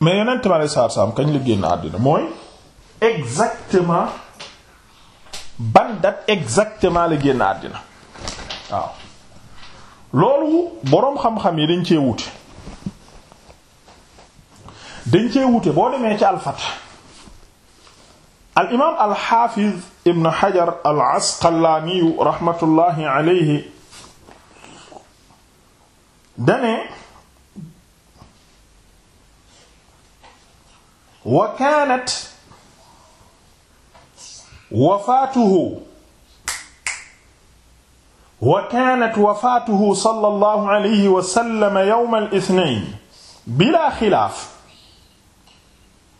mais yeneen ma lay saar saam kañ la génn àddina mooy exactement ban exactement la génn àddina waaw loolu boroom xam-xam yi dañ cee wute dañ cee wute boo demee ci alfat al imaam al xaafiz ibn xajar al asqalaaniyu raxmatullaahi alayhi dane wa kaanat wafaatuhu wa kaanat wafaatuhu sallallahu alayhi wa sallam yawmal ithnayn bilaa xilaaf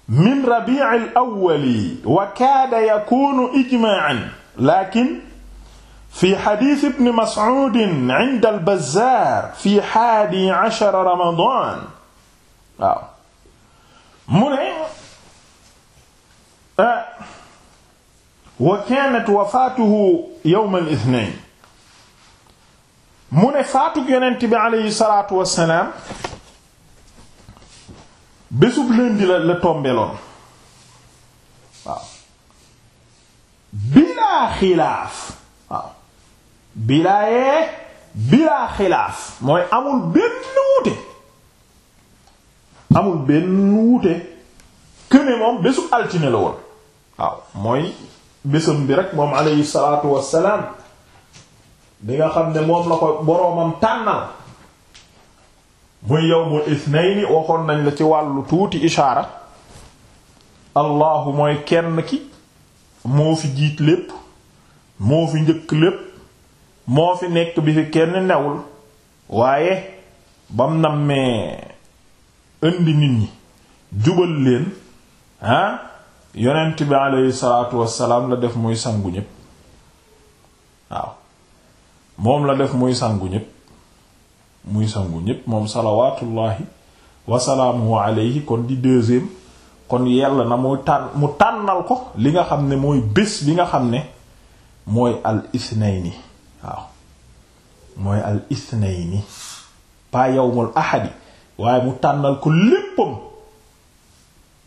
min rabiicil awwali wa kaada yakuunu ijmaacan laakin fi xadiis ibn Mas'uud inda al-Bazzaar fi haadii ashara ramadaan waaw mu ne Ah, wa kaanat wafaatuhu yawma al mu ne faatu yonent bi aleyhi salaatu wassalaam bésub lundi la la tombeloon waaw bilaa xilaaf bilaa yee bilaa xilaaf mooy amul benn wuute amul benn wuute këne moom bésub altine la woon waaw mooy bisam bi rekk moom alayhi salaatu wassalaam bi nga xam ne moom la ko boroomam tànnal muy yawmu isnayni waxoon nañ la ci wàllu tuuti ishaara allahu mooy kenn ki moo fi jiit lépp moo fi njëkk lépp moo fi nekk bi fi kenn newul waaye bam nammee indi nit ñi jubal leen ah yonent bi aleyhi salaatu wassalaam la def muy sangu ñépp waaw moom la def muy sangu ñépp muy sangu ñépp moom salawaatullaahi wasalaamuhu aleyhi kon di deuxième kon yàlla na tànnal ko li nga xam ne mooy bés bi nga xam ne mooy al isnayni waaw waaye mu tànnal ko léppam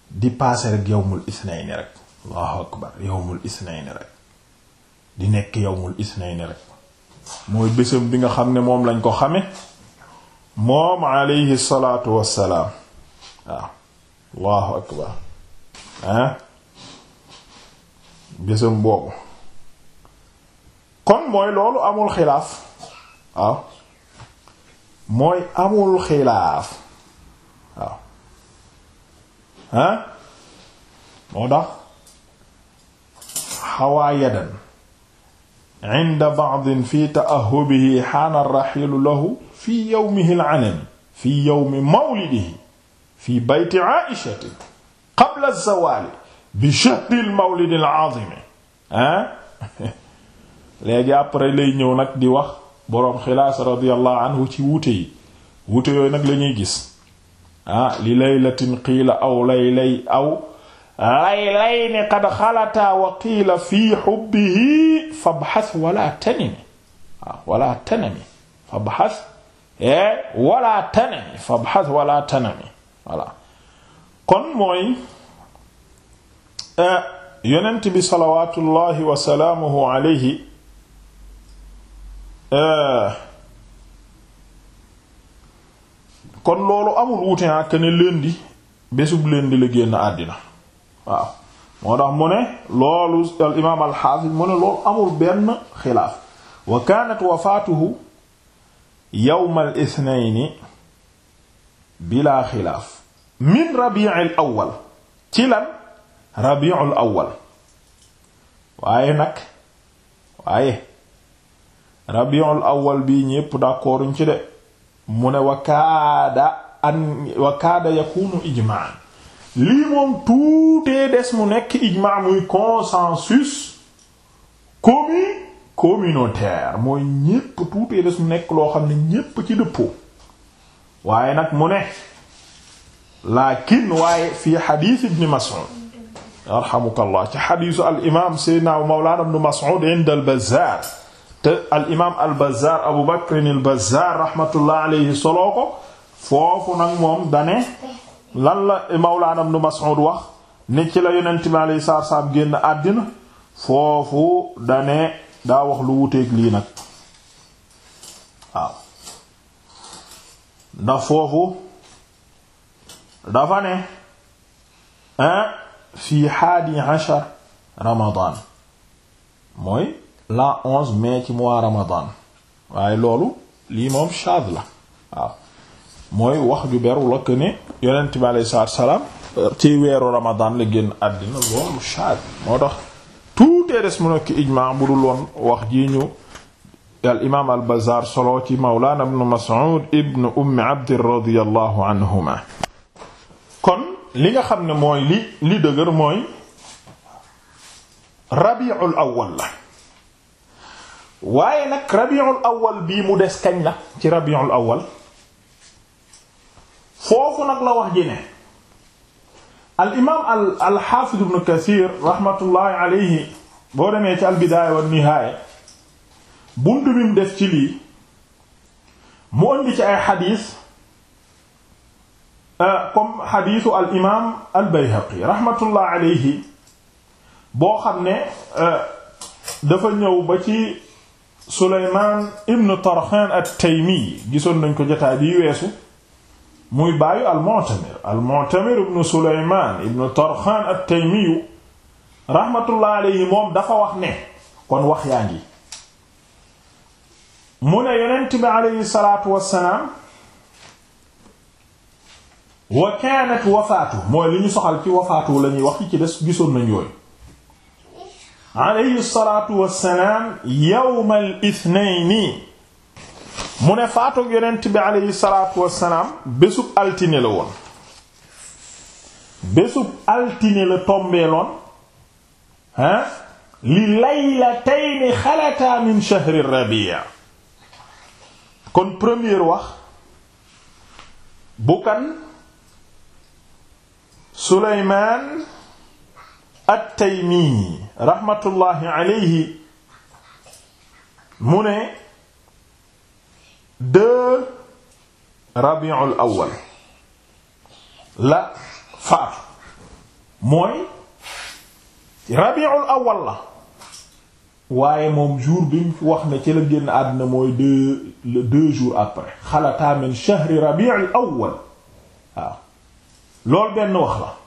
di paase rek yawmul isnayni rek allahu akbar yawmul isnayni rek di nekk yawmul isnayni rek mooy bésam bi nga xam ne moom lañ ko xame moom alayhi salaatu wassalaam waaw allahu akbar ah bésam boobu kon mooy loolu amul xilaaf waaw mooy amul xilaaf waaw ah moo tax xawaa yadan inda ba'din fi ta'ahhubihi haana ar-rahilu lahu fi yawmihi al-'anami fi yawmi mawlidihi fi bayti 'aishati qabla az-zawali bi shahri al-mawlid al-'azim ah léegi après lay ñëw nag di wax boroom xilaas radiyallahu anhu ci wuute yi wuute yooyu nag lañuy gis ah li laylatin qiila aw laylay aw laylayni qad xalataa wa qiila fii xubbihi fabxas wala tanami waaw ah, wala tanami fabxas eh wala tanami fabxas wala tanami voilà kon mooy eh, yonent bi salawaatullahi wa salaamuhu alayhi eh, kon loolu amul wuute ak ne di bésub lundi la génn àddina waaw moo tax mu ne loolu al imaam al xaafis mu ne loolu amul benn xilaaf wa kaanat wafaatuhu yawmal isnayni bilaa xilaaf min rabi'il awwal ci lan rabi'ul awwal waaye nag waaye rabi'ul awwal bii ñépp d'accorduñ ci de mu ne wakaada an wakaada yakunu ijmaa lii moom tuutee des mu nekk ijmaa muy consensus commun communautaire mooy ñépp tuutee des mu nekk loo xam ne ñépp ci dëppoo waaye nag mu ne laakin waaye fii xadiis ibn Mas'ud yarhamukallah ci xadiisu al imaam sayyidina mawlaana ibn Mas'ud inda al Bazzaar te al imaam al bazaar abu bakrin al bazaar rahmatullah alayhi soloo ko foofu nag moom dane lan la mawlaana ibnu mas'ud wax ni ci la yonent bi alayhi salaatu salaam génn àddina foofu dane daa wax lu wuteeg lii nag waaw foofu dafa ne ah, fii haadi ashar ramadaan mooy l'an onze mai ci mois waaye loolu lii moom shaad la mooy wax ju beru la que ne yonent bi alayhi salaam ci weeru ramadan la génn àddina loolu shaad moo tax tout est des munaki ijmaa bu dul woon wax ji ñu al imaam al bazaar solo ci mawlaana ibnu mas'ud ibnu abd radiyallahu anhuma nga xam ne mooy waaye nag rabiul awal bii mu des kañ la ci rabiul awal foofu nag la wax ji ne al imaam al al xaafiz ibn kathir raxmatullaahi alayhi boo demee ci al bidaaya wa nihaaya bunt bi mu def ci lii mu indi ci ay xadiis euh, comme xadiisu al imaam al bayhaqi raxmatullaahi alayhi boo xam ne euh, defa ñëw ba ci Souleymane Ibn Tarkhan at-Taymi gisoon nañ ko jotaay bi weesu muy baayu al-Mu'tamir al-Mu'tamir Ibn Souleymane Ibn Tarkhan at-Taymi rahmatullah moom dafa wax ne kon wax yaa ngi mu ne yonent bi alayhi salaatu wassalaam wa kaanat wafaatu mooy li ñu soxal ci wafaatu la ñuy wax ci des gisoon nañ yooyu. alayhi salaatu wassalaam yawmal ithnayni mu ne faatoog yonent bi alayhi salaatu wassalaam bésub altine la woon bésub altine la tombeeloon ah li laylatayni xalataa min shahri rabii kon première wax bu kan Suleymaan at-Taymi rahmatullahi alayhi mu ne deux Rabiul Awwal la faatu mooy Rabiul Awwal la waaye moom jour bi wax ne ci la génn àddina mooy deux le deux jours après xalataa min shahri Rabiul Awwal loolu benn wax la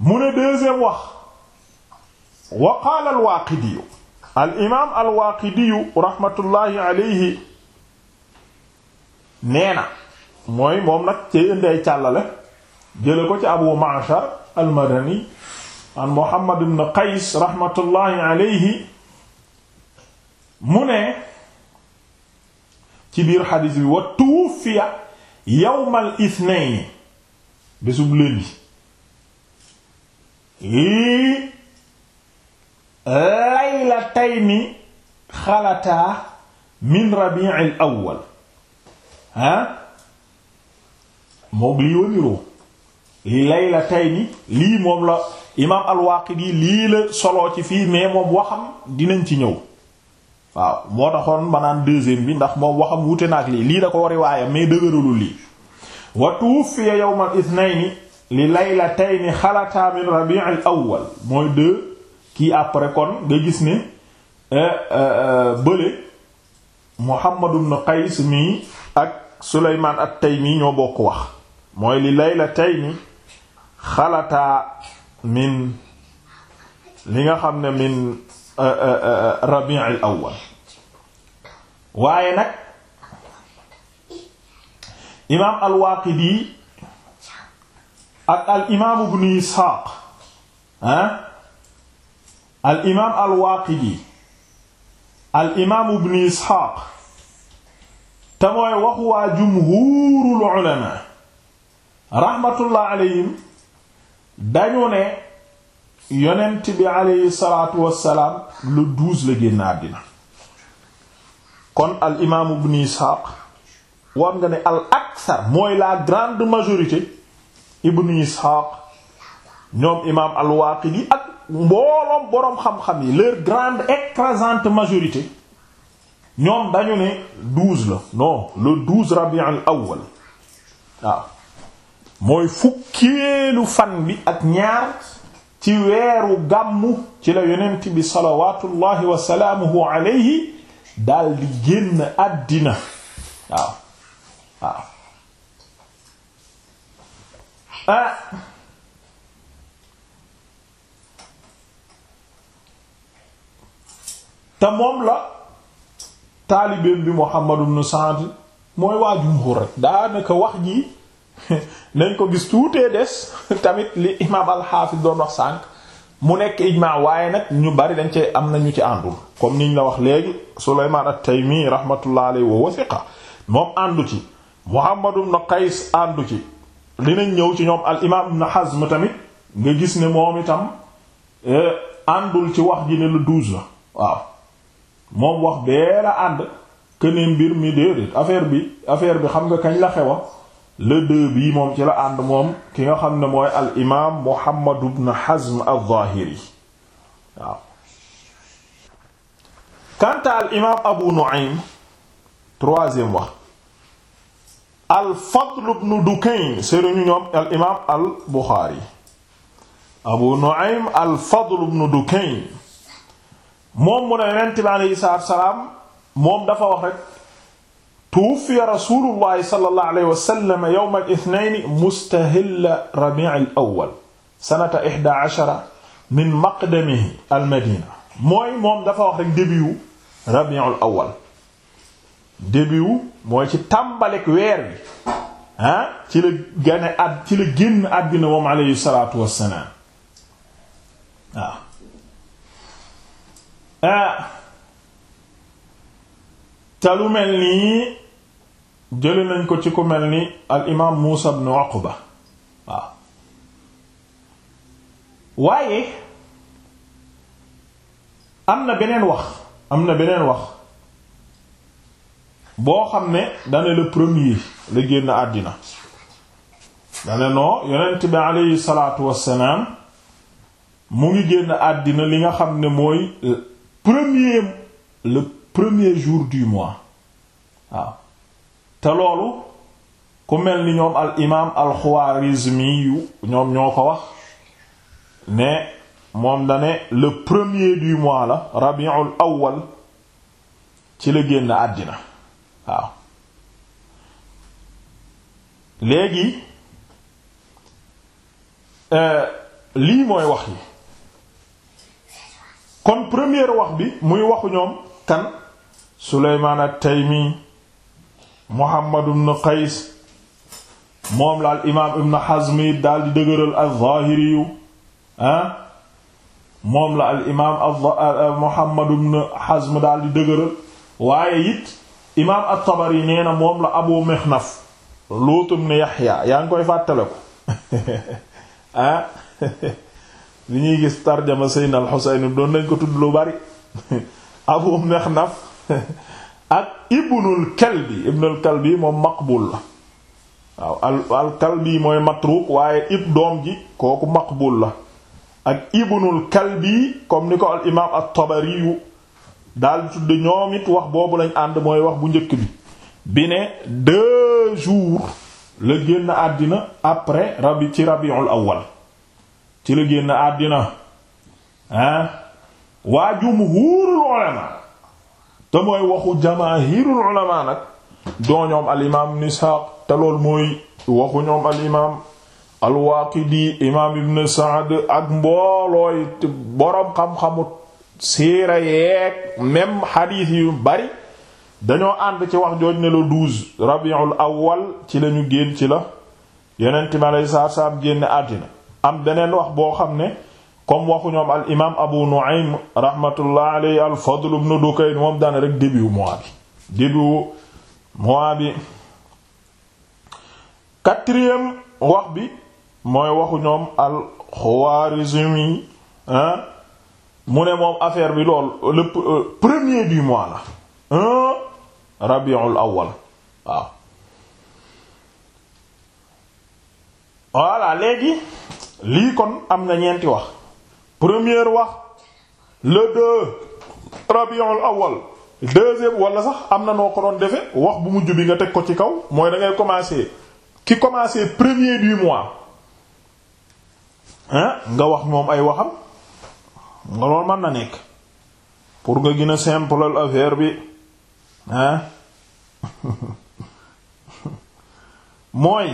mu ne deuxième wax wa qaala alwaaqidiyu al imaam alwaaqidiyu rahmatullahi alayhi nee na mooy moom nag ci indi ay càllale jële ko ci abu ma'shar almadani an muhammad ibn qays rahmatullahi alayhi mu ne ci biir xadiis bi wa tuwuffiya yawmal ithnayn bésub lëndi hii laylatayni xalataa min rabi'il awwal ah moom lii waniroo li laylatayni lii moom la imaam al-Waaqidi lii la soloo ci fii mais moom waxam dinañ ci ñëw waaw moo taxoon manaan deuxième bi ndax moom waxam wute na ak lii lii da ko riwaaya mais dëgëralul lii wa tuwuffiya yawmal ithnayni li laylatayni xalataa min rabi' al awwal mooy deux kii après kon nga gis ne euh, euh, bële Muhammad ibn Qays mi ak Sulaymaan at-Taymi ñoo bokk wax mooy li laylatayni xalataa min li nga xam ne min euh, rabi' awwal waaye nag imaam al-Waaqidi ak al imaam ibnu Isxaaq ah al imaam al Waaqidi al imaam ibnu Isxaaq te mooy wax waa jumhuurul ulamaa rahmatullah alayhim dañu ne yonent bi aleyhi salaatu wassalaam le douze la génn àddina kon al imaam ibnu Isxaaq war nga ne al aksar mooy la grande majorité ibnu Isxaaq ñoom imaam al ak mbooloom boroom xam-xam yi leur grande écrasante majorité ñoom dañu ne douze la non le douze Rabi' al waaw mooy fukkeelu fan bi ak ñaar ci weeru gàmmu ci la yonent bi salawaatullahi wa salaamuhu alayhi daal di génn àddina waaw waaw Ah. te moom la taalibeen bi Muhammad ibn Sa'd mooy waa jumhur rek daanaka wax ji nañ ko gis tuutee des tamit li imaam al doon wax sànq mu nekk ijmaa waaye nag ñu bari dañ ci am nañu ci àndul comme niñ la wax léegi Sulaymaan at-Taymi rahmatullah alayhi wa wasiqa moom àndu ci Muhammad ibn Qays àndu ci dinañ ñëw ci ñoom al imaam Ibn tamit nga gis ni moom itam eh, àndul ci wax ji ne lu la waaw moom wax bee la ànd keneen mbir mi déedéet affaire bi affaire bi xam nga kañ la xewa le deux bii moom ci la ànd moom ki nga xam ne mooy al imaam Muhammad ibn al-Zahiri waaw quant à Abu Nu'aym troisième wax al Fadl ibn Dukayn sëriñu ñoom al imaam al Buxaari Abu Nu'aym al Fadl ibn Dukayn moom mu ne Yonent bi alayhi salaatu wa salaam moom dafa wax rek tuwuffiya Rasuulullahi sallallahu alayhi wa sallam yawma al-ithnayni mustahilla Rabi' al-awwal sanata ihdaa ashara min maqdamihi al-Madiina mooy moom dafa wax rek début Rabi' al-awwal début wu mooy ci tàmbalik weer wi ah ci la gane at ci la génn àddina moom aleyhi salaatu wassalaam waaw ah mel nii jële nañ ko ci ku mel ni al imaam Muusa ibn Uqba waaw waaye am na beneen wax am na beneen wax boo xam ne dane le premier la génn àddina dane noo yonent bi aleyhi salaatu wassalaam mu ngi génn àddina li nga xam ne mooy premier le premier jour du mois waaw te loolu ku mel ni ñoom al imaam al Xawaarizmi yu ñoom ñoo ko wax ne moom dane le premier du mois la rabiul awwal ci la génn àddina waaw léegi euh, lii mooy wax yi kon première wax bi muy waxu ñoom kan Sulaymaan at-Taymi Muhammad ibn Qays moom la al imaam ibn Hazm it daal di dëgëral az-Zaahiri ah, moom la al imaam Muhammad ibn Hazm daal di dëgëral waaye it imaam at-Tabari nee na moom la Abu Mikhnaf lootum ne Yaxya yaa ngi koy fàttale ko ah li ñuy gis tarjama Seydina al-Husayn doon nañ ko tudd lu bari Abu Mikhnaf ak Ibnul Kalbi Ibnul Kalbi moom maqbul la waaw al al mooy matruuk waaye ib doom ji la ni ko al imaam at daal di tudd ñoom it wax boobu lañ ànd mooy wax bu njëkk bi bi ne deux la génn àddina après rabi ci rabiul awal ci la génn àddina ah waa jumhuurul ulama te mooy waxu jamaahirul ulama nag doo ñoom al imaam ibn Isxaaq te lool mooy waxu ñoom al imaam al Waaqidi imaam ibn Saad ak mboolooy borom xam-xamut siira yeeg même xadiis yu bari dañoo ànd ci wax jooj ne la douze rabiul awwal ci lañu génn ci la yonent mi aleyhi salaatu salaam génn àddina am beneen wax boo xam ne comme waxu ñoom al imaam abu nu'aym rahmatullah aleyhi al fadl ibn dukayn moom daana rek début mois bi début mois bi quatrième wax bi mooy waxu ñoom al xawaarizmi ah mu ne moom affaire bi lool le euh, premier du mois la un rabiul awal waaw voilà léegi lii kon am na ñeenti wax premier wax le de deux rabiul awal deuxième wala sax am na noo ko doon defe wax bu mujj bi nga teg ko ci kaw mooy da ngay commencer ki commencer premier du mois hein nga wax moom ay waxam nga loolu mën na nekk pour nga gën a simple affaire bi ah mooy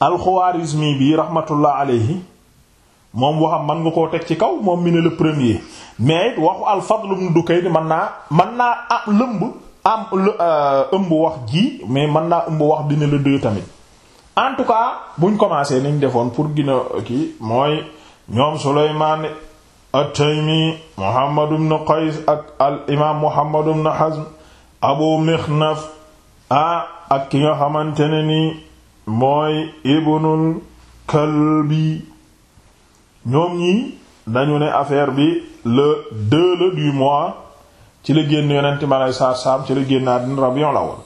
alxuwaarismi bi rahmatullah alayhi moom waxam man nga ko teg ci kaw moom mi ne le premier mais waxu al-Fadl ibn Dukayn man naa man naa am lëmb am euh, ëmb wax ji mais mën naa ëmb wax dina la deux tamit en tout cas buñ commencé niñ defoon pour gën a kii mooy ñoom Sulaymaan at-Taymi Muhammad ibn Qays ak al imaam Muhammad ibn Hazm Abu Mikhnaf ah ak ki nga xamante ne ni mooy Ibnul Kalbi ñoom ñi dañu ne affaire bi le deux le ci la génn yonent mi alayhi salaatu ci la génn àddina Rabiul Awwal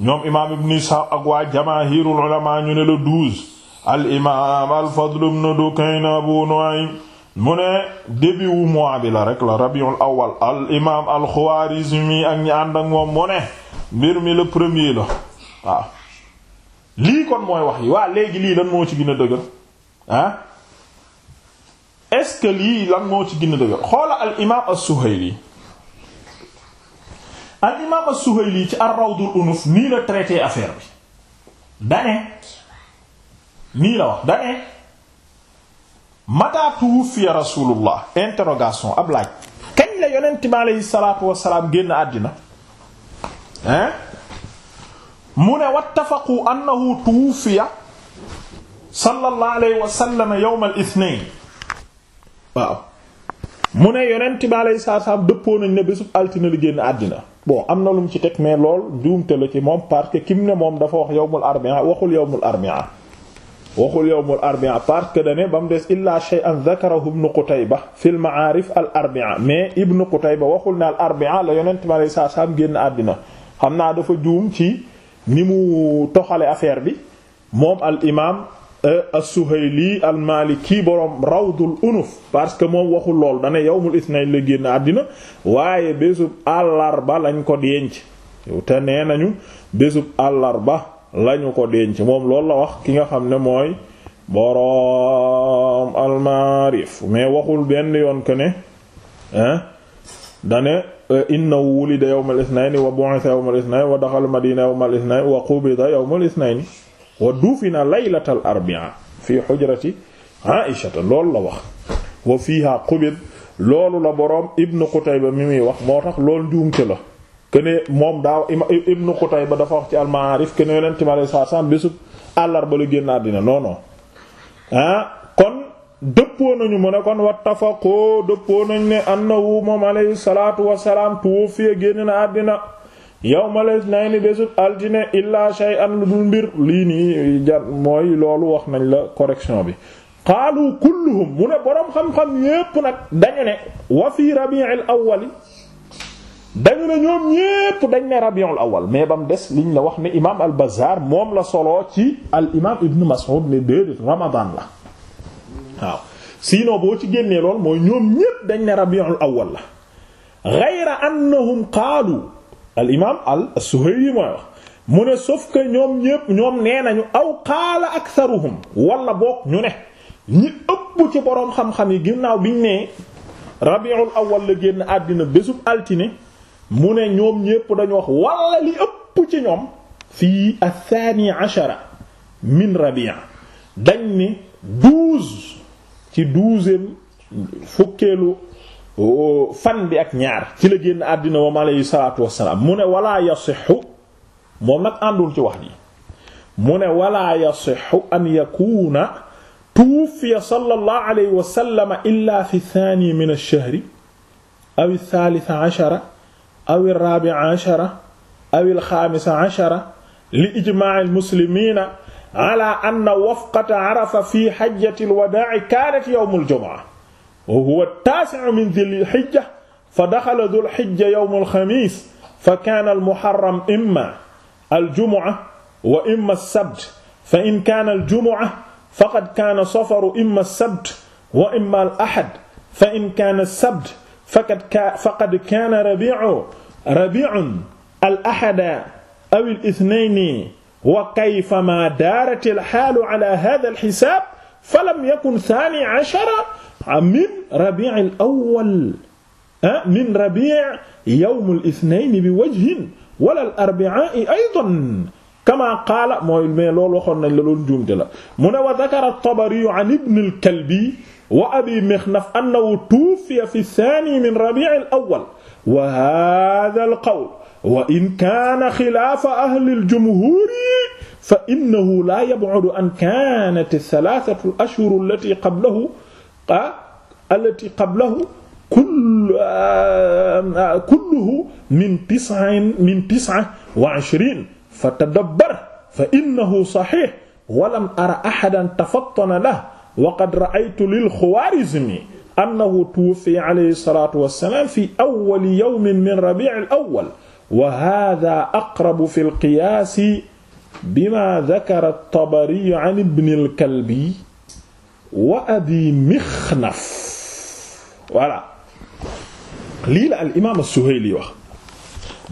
ñoom imaam Ibn Ishaq ak waa jamaahirul ulamaa ñu ne le al imaam al Fadl ibn Dukayn Abu Nu'aym mu ne début mois bi la rek la rabiul awal al imaam al Xawaarizmi ak ñi ànd ak moom mu ne mbir mi le premier la waaw lii kon mooy wax yi waa léegi lii lan moo ci gën a dëgër ah est lii lan moo ci gën a dëgër xoola al imaam as-Suhayli al imaam as-Suhayli ci ar Unuf nii la traité affaire bi dane nii la wax dane mata tuwuffiya rasulullah interrogation ab laaj kañ yonent bi aleyhi salaatu wasalaam génn àddina hein mu ne wattafaqu annahu tuwuffiya sallallahu alayhi wa sallam yawm al ithnain waaw mu ne yonent bi aleyhi salaatu wasalaam dëppoo nañ ne bésub altine la génn àddina boo am na lu mu ci teg mais lool juumte la ci moom parce que kim ne moom dafa wax yawmul arbi'a waxul yawmul arbi'a waxul yawmul arbi'a parce que dane ba mu des illa shay'an dhakarahu ibn Qutayba fil ma'arif al arbi'a mais ibn Qutayba waxul ne al arbi'a la yonent ma lay saa saam génn àddina xam naa dafa juum ci ni mu toxale affaire bi moom al imaam e, as-Suhayli al Maliki borom rawdul unuf parce que moom waxul lool dane yawmul ithnayn la génn àddina waaye bésub àllarba lañ ko denc te nee nañu bésub àllarba lañu ko denc moom loolu la wax ki nga xam ne mooy boroom almaarif mais waxul benn yoon ko ne ah dane euh, innahu wulida yawmal isnayni wa bu'itha yawmal isnayni wa daxala madina yawmal isnayni wa qubida yawmal isnayni wa dufina laylatal arbi'a fi hujrati aishata loolu la wax wa fiha qubid loolu la boroom ibnu qutayba mi muy wax moo tax loolu njuumte la kene moom daaw Ibnu Qutayba dafa wax ci al-Ma'arif kene yonent mi alayhi salaatu salaam génn àddina non non ah, kon dëppoo nañu mu ne kon wattafaqoo dëppoo nañu ne annahu moom alayhi salaatu wassalaam tuwuffiya génn na àddina yawmal ithnayn bésub altine illaa shay'an lu dul mbir lii nii jar mooy loolu wax nañ la correction bi qaalu kulluhum mu ne boroom xam-xam yépp nag dañu ne wa fii rabi'il dañu ne ñoom ñépp dañ ne rabiul awal mais ba mu des liñ la wax ne imaam al bazaar moom la solo ci al imaam ibn mas'ud ne déedéet ramadan la waaw sinon boo ci génnee lool mooy ñoom ñépp dañ ne rabiul awal la mu ne sauf ñoom nee nañu aw qaala aktharuhum wala boog ñu ne ñi ci boroom xam yi ginnaaw biñ ne rabiul awal génn àddina bésub altine mu ne ñoom ñépp dañu wax wala li ëpp ci ñoom fii athani ashara min rabia dañ ni douze ci douzième fukkeelu euh, fan bi ak ñaar ci la génn àddina moom aleyhi salaatu wassalaam mu ne wala yasixu moom nag àndul ci wax ji mu ne wala yasixu an yakuna tuwuffiya sallallahu alayhi wa sallam illa fi thani min ash-shahri aw ath-thalitha ashara awil rabi ashara awil xaamisa ashara li ijmaa'il muslimiina ala anna wafqata arafa fi hajjatil wadaa'i kaanat yawmul jumu'a wa huwa taasi'u min dhil hijja fa daxala dhul hijja yawmul xamiis fa kaana al muharram imma al jumu'a wa imma as-sabt fa in kaana al jumu'a faqad kaana safaru imma as-sabt wa imma al ahad fa in kaana as-sabt faqad ka faqad kaana rabi'u rabi'un al ahada aw al ithnayni wa kayfama daarat al haal ala hadha al hisaab falam yakun thani ashara min rabi' al awwal min rabi' yawm al ithnayni bi wajhin wala al arba'i aydan kama qaala mooy mais loolu waxoon nañ la loolu njuumte la mu ne wa dhakara at-Tabari an ibn al-Kalbi wa abi Mikhnaf annahu tuwuffiya fi thani min rabi' al-awwal wa hadha al-qawl wa in kaana xilaafa ahli al-jumhuuri fa innahu laa yab'udu an kaanat ath-thalathatu al-ashhur allati qablahu allati qablahu kulluhu min tis'in min tis'a wa 'ishrin fatadabbar fa innahu sahih wa lam ara ahadan tafattana lahu wa qad ra'aytu lil Xawaarizmi annahu tuwuffiya alayhi salaatu wa salaam fi awwali yawmin min rabi'il awwal wa haadha aqrabu fil qiyaasi bimaa dhakara at-Tabari an Ibnil Kalbi wa Abi Mixnaf voilà lii la al imaam as-Suhayli wax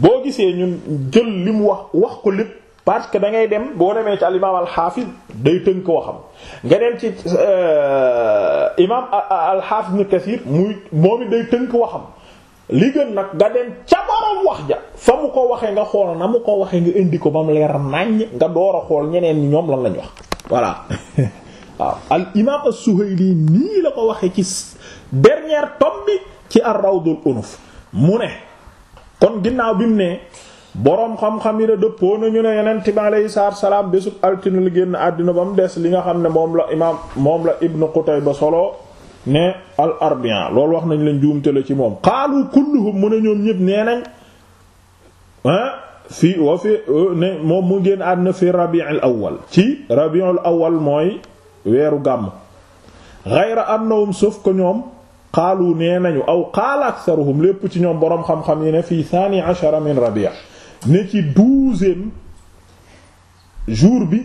boo gisee ñun jël li mu wax wax ko lépp. parce que da ngay dem boo demee ci al imaam al xaafis day tënk waxam nga dem ci euh, imaam al xaafis ibn Kasiir muy moom it day tënk waxam li gën nag nga dem ca borom wax ja fa mu ko waxee nga xool na mu ko waxee nga indi ko ba mu leer naññ nga door xool ñeneen ñi ñoom lan lañ wax voilà waaw al imaam as-Suhayli nii la ko waxee ci dernier tome bi ci ar-Rawdul Unuf mu ne kon ginnaaw bi mu ne boroom xam-xam yi ne dëppoo nañu ne yonent bi aleyhi salaatu salaam bésub altine la génn àddina ba mu des li nga xam ne moom la imaam moom la Ibn ba solo ne al arbian loolu wax nañ leen juumte la ci moom xaalu kulluhum mu ne ñoom ñëpp nee nañ ah fii wa fi ne moom mu génn àddina fi rabi'ul awwal ci rabi'ul awwal mooy weeru gàmm ghayra annahum sauf ko ñoom xaalu nee nañu aw qaala aktharuhum lépp ci ñoom boroom xam-xam yi ne fii thani ashara min rabi' ne ci douzième jour bi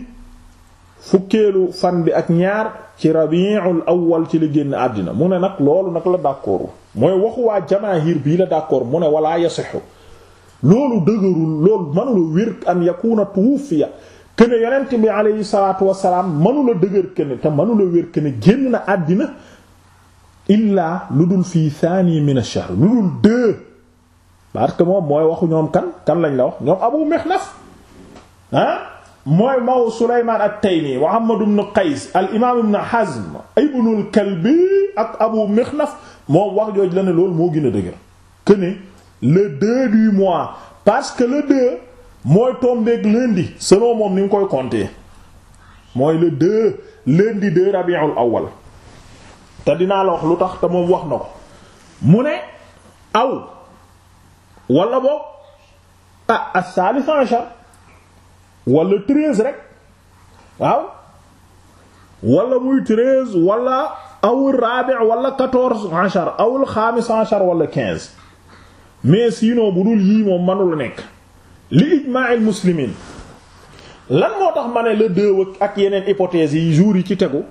fukkeelu fan bi ak ñaar ci rabiul awwal ci la génn àddina mu ne nag loolu nag la d'accord mooy waxuwaa waa jamaahir bii la d'accord mu ne wala yasixu loolu dëgërul loolu mënula wér an yakuna tuwufiya kene yonent bi aleyhi salaatu wasalaam mënula dëgër kene génn na àddina illaa lu dul fii thani min ash-shahr lu dul deux parce que moom mooy waxu ñoom kan kan lañ la wax ñoom Abu Mixnaf ah mooy maw Sulaymaan at-Taymi wa Ahmad ibn Qays al imaam ibn Hazm ibn al-Kalbi ak Abu Mixnaf moom wax jooj la ne loolu moo gën a dëgër que ne le deux mois parce que le deux mooy tombeeg lundi selon moom ni nga koy compter mooy le deux lundi deux Rabiul Awwal te dinaa la wax lu tax te moom wax na ko mu ne aw. wala boog ah as-salis ashar rek waaw wala muy treize wala awul rabi wala quatorze ashar awul xaamis ashar wala quinze mais sinon bu dul yii moom mënula nekk li ijmaa'il muslimin lan moo tax ma ne le deux ak yeneen hypothèses yi jours yi ci tegu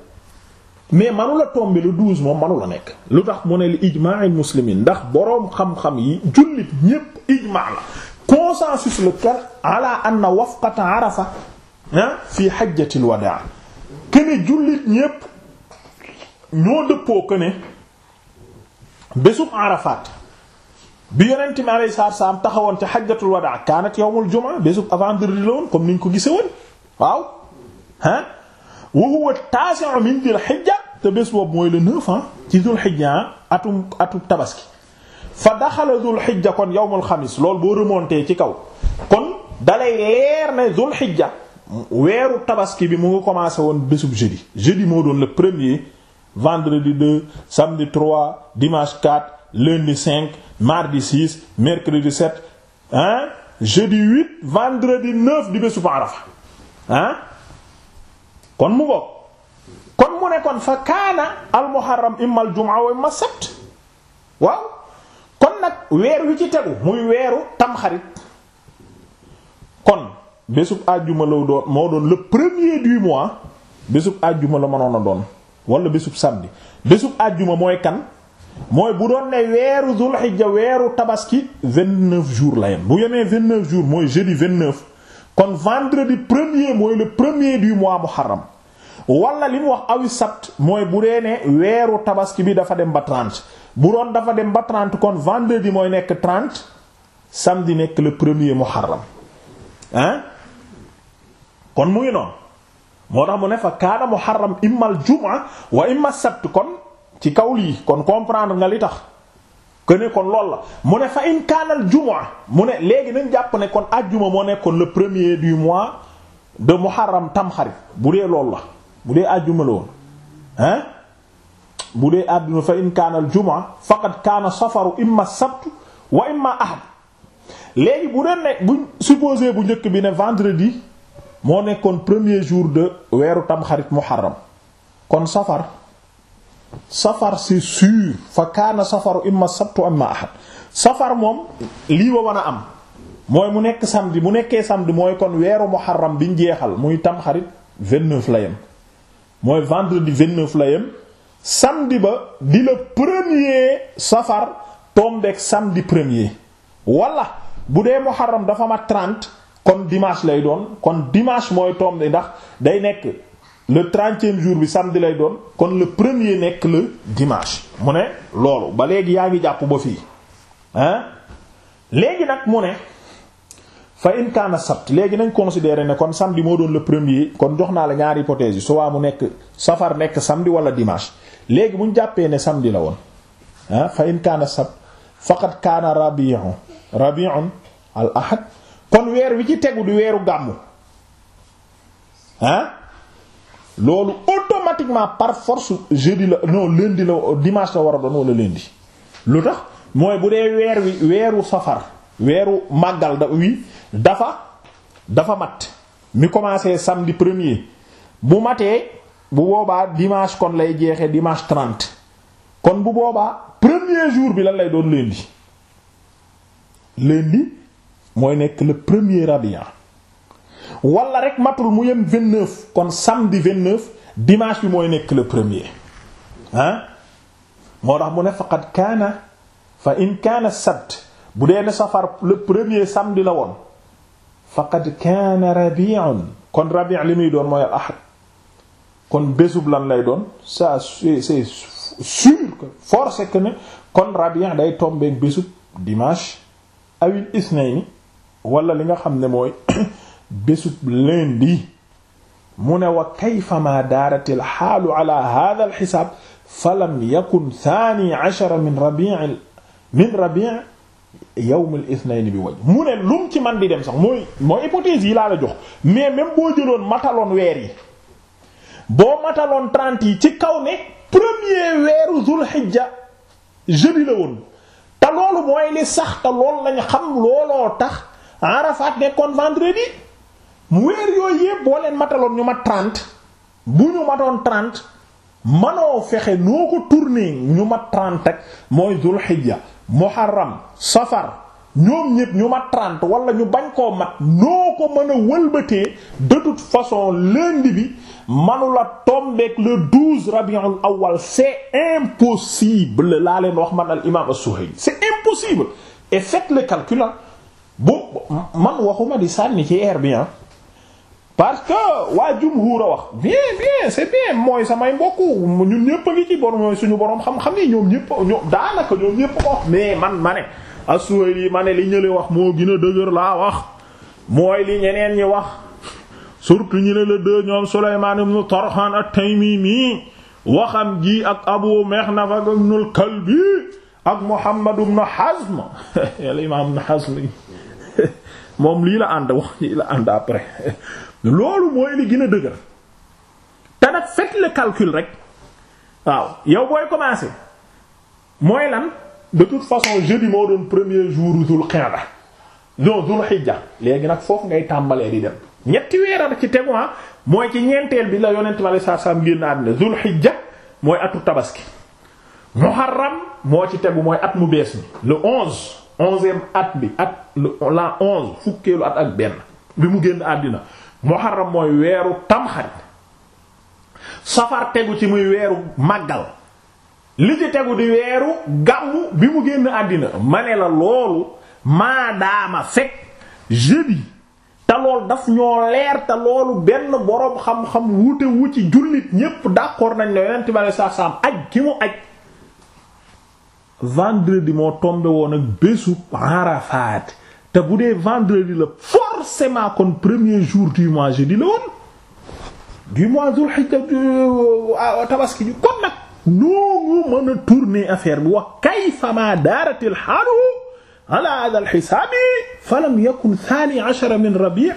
mais manu la tomber le douze moom manu la nekk lu tax mu ne li ijmaa'il muslimin ndax boroom xam-xam yi jullit ñépp ijmaa la consensus le tel ala anna wafqata arafa ah fii hajjatil wadaa kene jullit ñépp ñoo dëppoo que ne bésub bi yonent mi alayhi salaatu salaam taxawoon ci hajjatul wadaa kaanat yawmul jumaa bésub avant-vendredi la woon comme niñ ko gise woon waaw wa huwa taasi'u min dil hijja te bés boobu mooy le neuf ans ci dul hijja atum atum tabaski fa daxala dul hijja kon yawmul xamis lool boo remonté ci kaw kon dalay leer ne dul hijja weeru tabaski bi mu ngi commencé woon bésub jeudi jeudi moo doon le premier vendredi 2 samedi 3 dimanche 4 lundi 5 mardi 6 mercredi 7 hein jeudi 8 vendredi 9 di bésub arafa hein kon mu ngoog kon mu ne kon fa kaana al muharram imma al jumaa wa waaw kon nag weer wi ci tegu muy weeru tamxarit kon bésub àjjuma la doon moo doon le premier du mois bésub àjjuma la mënoon a doon wala bésub samedi bésub àjjuma mooy kan mooy bu doon ne weeru zulhijja weeru tabaski vingt neuf jours la yem bu yemee vingt neuf jours mooy jeudi vingt neuf kon vendredi premier mooy le premier du mois muharram walla li mu wax awi sabt mooy bu dee ne weeru tabaski bi dafa dem ba 30 bu doon dafa dem ba 30 kon vendredi mooy nekk 30 samedi nekk le premier muharram ah kon mu ngi noonu moo tax mu ne fa kaana muharram imma al jumaa wa imma sabt kon ci kaw lii kon comprendre nga li tax que ne kon loolu la mu ne fa in kaanal jumaa mu ne léegi nañ jàpp ne kon ajjuma moo nekkoon le premier du mois de muharram tamxarit bu dee loolu la bu dee ajjuma la hein bu dee àdduna fa in kaanal jumaa faqad kaana safaru imma sabtu wa imma ahad léegi bu doon ne buñ supposé bu njëkk bi ne vendredi moo nekkoon premier jour de weeru tamxarit muharram kon safar safar si sûr fa kaana safaru imma sabtu amma ahad safar moom lii wa wan a am mooy mu nekk samedi bu nekkee samedi mooy kon weeru muharram biñ jeexal muy tamxarit 29 la yem mooy vendredi 29 la yem samedi ba di la premier safar tombeek samedi premier walla bu dee muharram dafa ma trent kon dimanche lay doon kon dimanche mooy tombe ndax day nekk le trentième jour bi samedi lay doon kon le premier nekk le dimanche mu ne loolu ba léegi yaa ngi jàpp ba fii hein léegi nag mu ne fa in kaana sabt léegi nañ considérer ne kon samedi moo doon le premier kon jox naa la ñaari hypothèse yi soit mu nekk safar nekk samedi wala dimanche léegi bu ñu jàppee ne samedi la woon ah fa kaana sabt faqad kaana rabi'un rabi'un al ahad kon weer wi ci tegu di weeru gàmmu ah loolu automatiquement par force jeudi la non lundi la dimanche la war a doon wala lundi lu tax mooy bu dee weer wi weeru safar weeru màggal da wi dafa dafa mat mi commencé samedi premier bu matee bu boobaa dimanche kon lay jeexee dimanche trente kon bu boobaa premier jour bi lan lay doon lundi lundi mooy nekk le premier rabian wala rek matul mu yem vingt neuf kon samedi vingt neuf dimanche bi mooy nekk le premier ah moo tax mu ne faqad kaana fa in kaana sabt bu dee ne safar le premier samedi la woon faqad kaana rabi'un kon rabi' li muy doon mooy al ahad kon bésub lan lay doon ça c'est sûr que force que ne kon rabi' day tomber bésub dimanche awil isnayni wala li nga xam ne mooy bésub lundi mu ne wa kayfama daarat al xaalu ala hada al xisaab falam yakun thani ashara min rabi' min rabi' yawm al ithnayn bi waj mu ne lum ci man di dem sax mooy mooy hypothèse yi laa la jox mais même boo jëloon mataloon weer yi boo mataloon trente yi ci kaw ne premier weeru zul xijja jeudi la woon te loolu mooy li sax te loolu lañ xam looloo tax Arafat nekkoon vendredi weer yooyu yëpp boo leen mataloon ñu mat trente bu ñu matoon trente manoo fexe noo ko tourner ñu mat trente ak mooy zul xijja muharram safar ñoom ñëpp ñu ma trente wala ñu bañ koo mat noo ko mën a wëlbatee de toute façon lundi bi manula tombeek le 12 rabiul awal c'est impossible laa leen wax man al imam as-Suhayli c'est impossible et faites le calcul bu man waxuma di sànni ci air parce que waa jumhuur a wax bien bien c'est bien mooy samay mbokk ñun ñëpp ngi ci bon suñu boroom xam-xam yi ñoom ñëpp ñoom daanaka ñoom ñëpp ko wax mais man ma ne as-Suhayli ma li ñële wax moo gën a dëgër laa wax mooy li ñeneen ñi wax surtout ñi ne la deux ñoom Sulaymaan ibn Tarxaan at-Taymimi waxam ji ak Abu Mikhnaf ak ibn al-Kalbi ak Muhammad ibn Hazm al-Imaam ibn Hazm moom lii la ànd wax lii la ànd après loolu mooy li gën a dëgër te nag faites le calcul rek waaw yow booy commencer mooy lan de toute façon jeudi moo doon premier jour u dul qa'da non dul xijja léegi nag foofu ngay tàmbalee di dem ñetti weeral ci teguwaa ah. mooy ci ñeenteel bi la yonent ma la saa saam génn àddina dul xijja mooy atu tabaski muharram moo ci tegu mooy at mu bees mi le onze onzième at bi at la onze fukkeelu at ak benn bi mu génn àddina muharram mooy weeru tamxarit safar tegu ci muy weeru màggal li ci tegu di weeru gàmmu bi mu génn àddina ma ne la loolu maadaama fekk jeudi te lool daf ñoo leer te loolu benn boroom xam-xam wuute wu ci jullit ñépp d'accord nañ ne yonent bi alei satu salaam aj gi mu aj vendredi moo tombé woon ak bésu Arafat te bu dee vendredi la forcément kon premier jour du mois jeudi la woon du mois Dul Hijja euh, tabaski ji kon nag noo mën a tourner affaire bi wa kayfa ma daaratil haalu ala hada alxisaabi fa lam yakun thani ashara min rabi'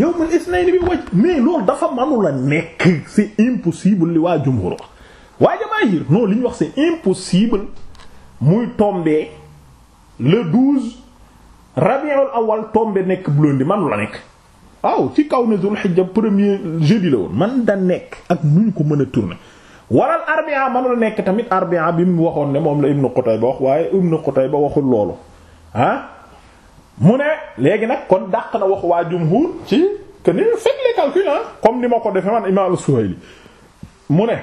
yawm al ithnayn bi waj mais loolu dafa mënu la nekk c'est impossible li waa jumhur wax waa jamaahir non li ñu wax c'est impossible muy tomber le 12 rabiul awal tombé nekk Blondie man la nekk waaw ci kaw ne Dul Hijja premier jeudi la woon man da nekk ak nu ko mën a tourner waral arbia nekk tamit arbia bi mu waxoon ne moom la Ibnu Qutayba wax waaye Ibnu Qutayba waxul loolu ah mu ne léegi nag kon dàq na wax waa jumhur ci que ni faites les calculs comme ni ma ko defee man Imaam Suhayli mu ne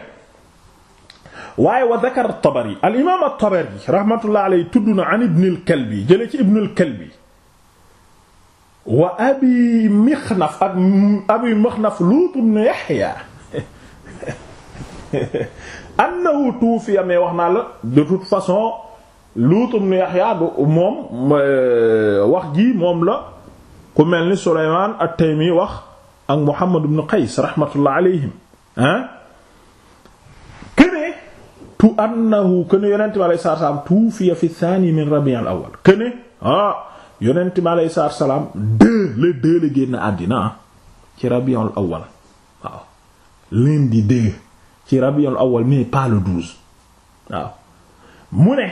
waaye wa dakar Tabari al imaam at-Tabari rahmatullah alayhi tudd na an Ibn al-Kalbi jëlee ci Ibn al wa abi mixnaf ak abi mixnaf luut ibn yahya annahu tuufiya mais wax naa la de toute façon luut ibn yahya du moom euh, wax ji moom la ku mel ni suleymaan at-taymi wax ak muhammad ibn qays rahmatullah alayhim ah tu annahu kene yonente bi alayhi salaam tuufiya fi thani min rabi' al-awwal kene ah yonent mi aleyhi salaatu salaam deux le deux la génn àddina ci rabiul awal waaw lundi deux ci rabiul awal mais pas le mu ne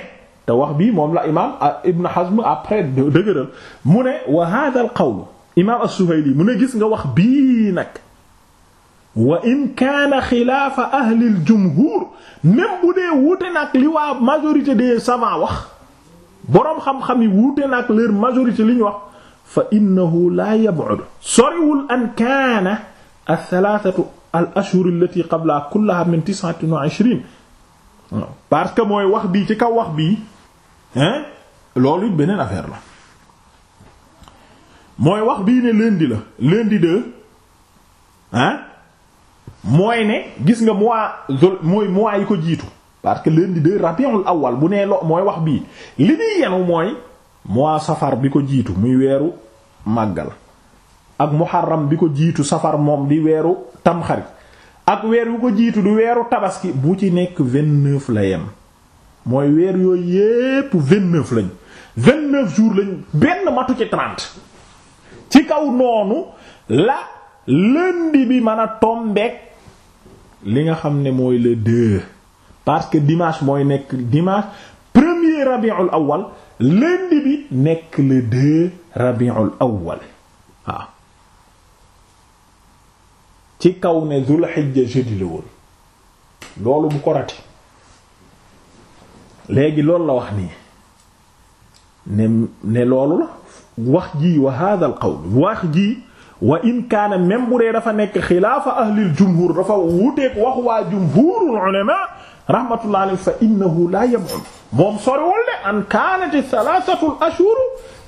te wax bi moom la imaam ah, Ibn Hazm après dëgëral mu ne wa hadha al gis nga wax bii nag wa in kaana xilaafa ahli jumhur même bu dee wute li waa majorité des savants wax boroom xam-xam yi wuute na ak leur majorité li ñu wax fa inna laa yab'ud soriwul an kaana ath-thalathatu al-ashhur allati qabla kullaha min parce que mooy wax bii ci kaw wax bii hein loolu it beneen affaire la mooy wax bii ne lundi la lundi deux hein mooy ne gis nga mois mooy yi ko jiitu parce que lundi de rabiul awal bu nee lo mooy wax bii li muy yenu mooy mois safar bi ko jiitu muy weeru màggal ak muharram bi ko jiitu safar moom di weeru tamxarit ak weer wu ko jiitu di weeru tabaski bu ci nekk vingt-neuf la yem mooy weer yooyu yépp vingt-neuf lañ vingt-neuf jours lañ benn matu ci trente ci kaw noonu la lundi bi mën a tombeek li nga xam ne mooy le deux parce que dimanche mooy nekk dimanche premier rabiul awal lundi bi nekk le deux rabiul awal ci kaw ne zul xijja jeudi la woon loolu bu ko rate léegi lool la wax nii ne ne loolu la wax ji wa hadha al qawl wax ji wa in kaana même bu dee dafa nekk xilaafa ahlil jumhur dafa wuteeg wax waa jumhurul ulama rahmatullah alayhi fa innahu la yamul moom soriwul de an kaanati thalathatul ashhur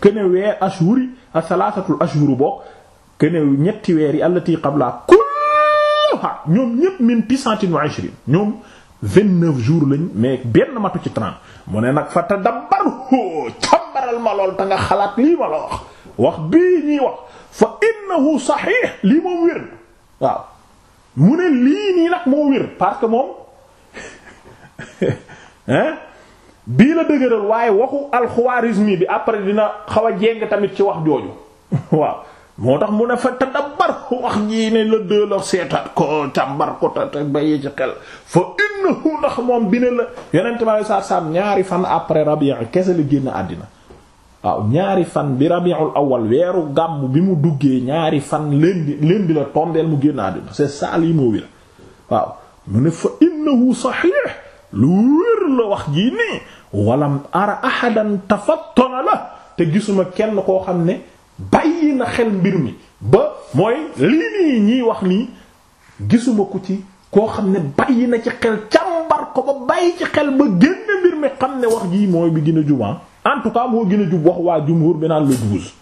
kene weer ashhuri a thalathatul ashhur boo kene ñetti weer yi allati qabla kulluha ñoom ñépp min tisantin wa ishrin ñoom vingt-neuf jours lañ mais benn matu ci trente mu ne nag fa tadabbaru càmbaral ma lool te nga xalaat lii ma wax wax bii ñuy wax fa innahu lii moom wér mu ne lii nii nag moo wér parce moom hein bii la dëgëral waaye waxu alxuwaarismi bi après dina xaw a jéng tamit ci wax jooju waaw moo tax mu ne fa tadabbar wax jii ne la dee la seetaat ko càmbar ko ta te bàyyi ci xel fa innahu ndax moom bi ne la yonent ma saa saam ñaari fan après Rabi' kese la génn àddina waaw ñaari fan bi Rabi'ul awwal weeru gàmm bi mu duggee ñaari fan lundi lundi la tombeel mu génn àddina c'est ça lii moo wi la waaw mu ne fa innahu sahih lu wér la wax jii nii walam ara ahadan tafattana la te gisuma kenn koo xam ne bàyyi na xel mbir mi ba mooy lii nii ñiy wax nii gisuma ku ci koo xam ne bàyyi na ci xel càmbar ko ba bàyyi ci xel ba génn mbir mi xam ne wax jii mooy bi gën a jub ah. en tout cas moo gën a jub wax waa jumhur bi naan la douze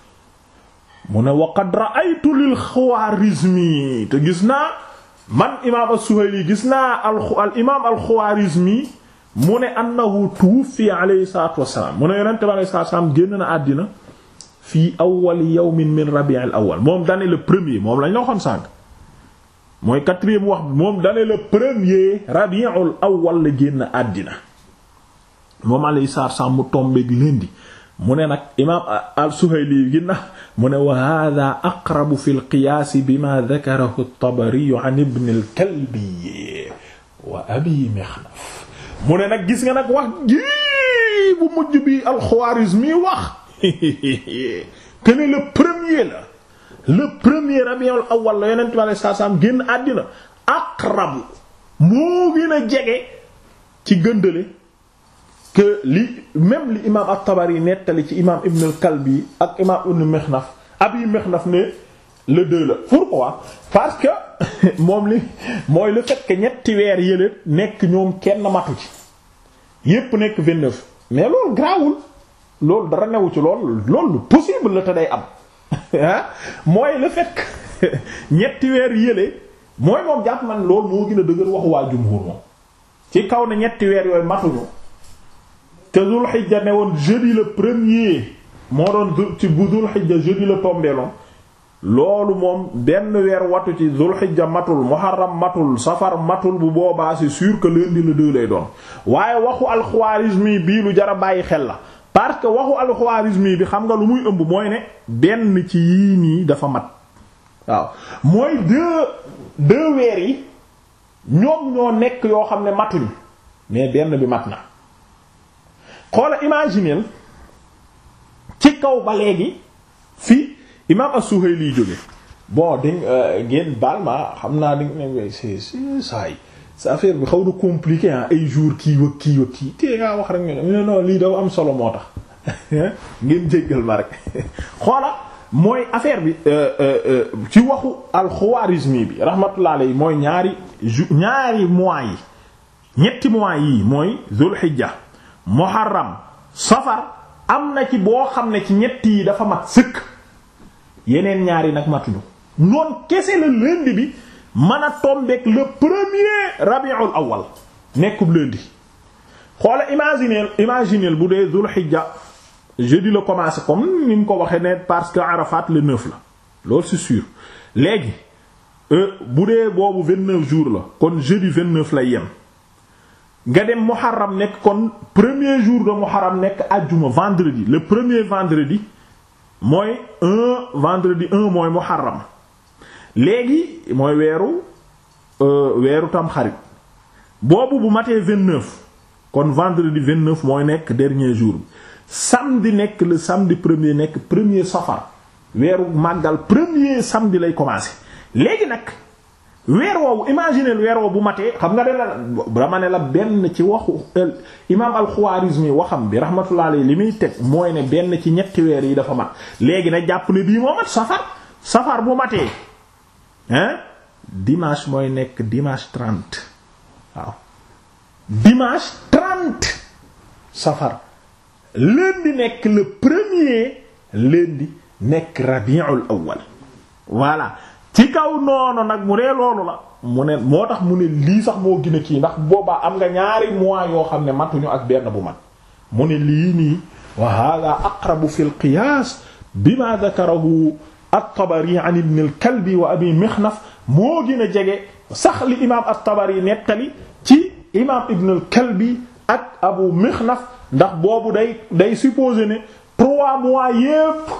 mu ne waqad ra'aytu lil xawaarizmi te gis naa man imaam as-Suhayli gis naa al imaam al-Khwarizmi mu ne annahu tuwuffiya alayhi salaatu wassalaam mu ne yonent bi alayhi salaatu wassalaam génn na àddina fii awwali yawmin min rabi'il awwal moom dane le premier moom lañ la waxoon sànq mooy quatrième wax moom dane le premier rabi'ul awwal la génn àddina moom alayhi salaatu wassalaam mu tombeeg lundi mu ne nag imaam al-Suhayli gi na mu ne wa haaza aqrabu fi al-qiyaas bimaa dakarahu at-Tabari an ibn al-Kalbi wa Abi Mikhnaf mu ne nag gis nga nag wax jii bu mujj bi al-Khwarizmi wax que ne le premier la le premier Rabiul Awwal la Yonent bi sallallahu alayhi wa sallam génn àddina aqrabu moo gën a jege ci gëndale que li même li imaam at yi nettali ci imaam Ibn al-Kalbi ak imaam Ibn Mikhnaf Abi Mikhnaf ne la deux la pourquoi parce que moom li mooy le fait ñetti weer yële nekk ñoom kenn matu ci yépp nekk vingt mais loolu grawul loolu dara newu ci lool loolu possible la te day am ah mooy le fait ñetti weer yële mooy moom jàpp loolu moo gën a dëgër waxu waa jumhur moom ci kaw ne ñetti weer yooyu matuñu te dul xijja ne woon jeudi le premier moo doon bu dul xijja jeudi la loolu moom benn weer watu ci dul xijja matul muharram matul safar matul bu boobaa c'est sûr que lundi le deux lay doon waaye waxu alxuwaarismi bii lu jar a bàyyi xel la parce que waxu alxuwaarismi bi xam nga lu muy ëmb mooy ne benn ci yii nii dafa mat waaw mooy deux deux weer yi ñoom ñoo nekk yoo xam ne matuñ mais benn bi mat na xoola imaginer ci kaw ba léegi fii imaam as-Suhayli jóge bon di euh, ngeen baal ma xam naa di nga c'est c'est ça sa affaire bi xaw na compliqué ay jour kii wa kii wa kii te ngaa wax rek ñu non lii daw am solo moo tax ngeen jéggal ma rek xoola mooy affaire bi euh, euh, ci waxu al-Khwarizmi bi rahmatullah alayhi mooy ñaari ju ñaari mois yi ñetti mois yii mooy Dhul Hijja muharram safar am na ci boo xam ne ci ñetti yi dafa mat sëkk yeneen ñaari nag matuñu noonu kese la lundi bi mën a tombeek le premier rabiul awal nekkub lundi xoola imaginer imaginer bu dee zul xijja jeudi la commencé comme ni mu ko waxee ne parce que Arafat le neuf la loolu c'est sûr léegi euh, bu dee boobu vingt neuf jours la kon jeudi vingt neuf lay yem nga dem muharram nekk kon premier jour de muharram nekk ajjuma vendredi le premier vendredi mooy un vendredi un mooy muharram léegi mooy weeru euh, weeru tamxarit boobu bu matee vingt-neuf kon vendredi vingt-neuf mooy nekk dernier jour bi samedi nekk le samedi premier nekk premier safar weeru màggal premier samedi lay commencer léegi nag weer woowu imaginez weer woowu bu matee xam nga dana dama ne la benn ci waxu euh, imaam al-Khwarizmi waxam bi rahmatullahi alayhi li muy teg mooy ne benn ci ñetti weer yi dafa mat léegi nag jàpp ne bii moo safar safar bu matee hein dimanche mooy nekk dimanche trente waaw dimanche trente safar lundi nekk le premier lundi nekk rabiul awwal voilà ci kaw noonu nag mu dee loolu la mu ne moo tax mu ne lii sax moo gën kii ndax boobaa am nga ñaari mois yoo xam ne matuñu ak benn bu mat mu ne lii nii wa hada aqrabu fi lqiyaas bima dakarahu at-Tabari an ibn al-Kalbi wa abi Mikhnaf moo gën a jege sax li imaam at nettali ci imaam ibn al ak abu Mikhnaf ndax boobu day day supposé ne trois mois yépp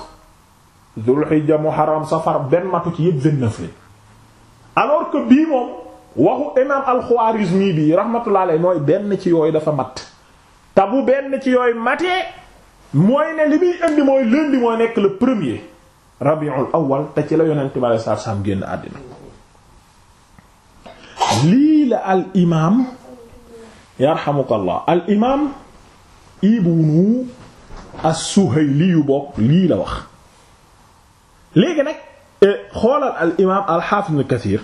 zulhijja muharram safar benn matu ci yëpp vingt-neuf lañ bii moom waxu imam al-Khwarizmi bi rahmatullah alayhi mooy benn ci yooyu dafa mat te bu benn ci yooyu matee mooy ne li muy indi mooy lundi mooy nekk le premier rabiul awwal te ci la yonent bi alayhi salaatu salaam génn àddina lii la al imaam yarhamukallah al imaam ibnu as yu bokk lii la wax léegi nag euh, xoolal al imaam al xaafis ibn Kasiir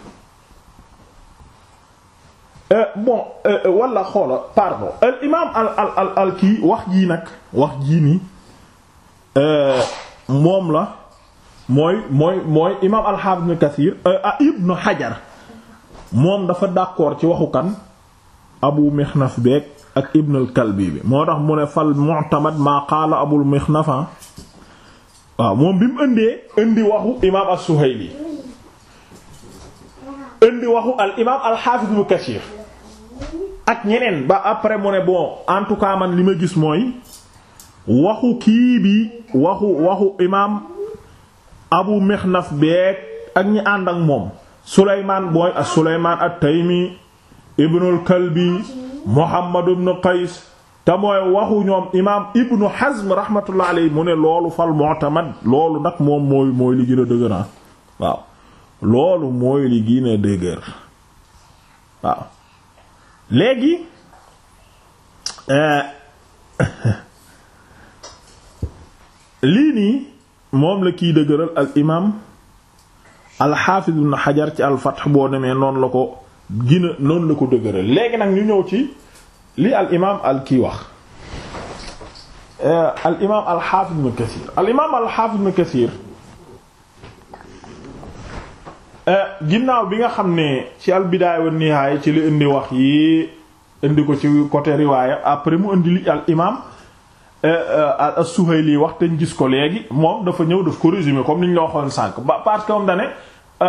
euh, bon euh, wala xoola pardon al imaam al al al kii wax jii nag wax jii nii moom la mooy mooy mooy imaam al xaafis ibn Kasiir ibn Hajar moom dafa d'accord ci waxu kan abu mixnaf beek ak ibn al kalbi bi moo tax mu ne fal mu'tamad maa qaala abul mixnafa ah. waaw moom bi mu ëndee indi waxu imaam as-Suhayli indi waxu al imaam al-Hafiz ak ñeneen ba après mu ne bon en tout cas man li ma gis mooy waxu kii bi waxu waxu imaam Abu Mikhnaf beek ak ñi ànd ak moom Souleymane booy as Souleymane at-Taymi Ibnul Kalbi Muhammad ibn Qays te mooy waxu ñoom imaam Ibnu Hazm rahmatullah alayhi mu ne loolu fal mu'tamad loolu nag moom mooy mooy li gën a dëgër ah waaw loolu mooy li gën a léegi eh, lii nii moom la kii dëgëral al imaam al xaafiz ibnu xajar ci al Fath boo nemee noonu la ko gën a noonu la ko dëgëral léegi nag ñu ñëw ci. li al imaam al kii wax eh, al imaam al xaafis ibn Kasiir eh, ginnaaw bi nga xam ne ci al bidaaya wa nihaaya ci li indi wax yi indi ko ci côté riwaaya après mu indi li al imaam eh, as-Suhayli wax te ñu gis ko léegi moom dafa ñëw daf ko résumé comme ni la waxoon sànk ba parce que moom dane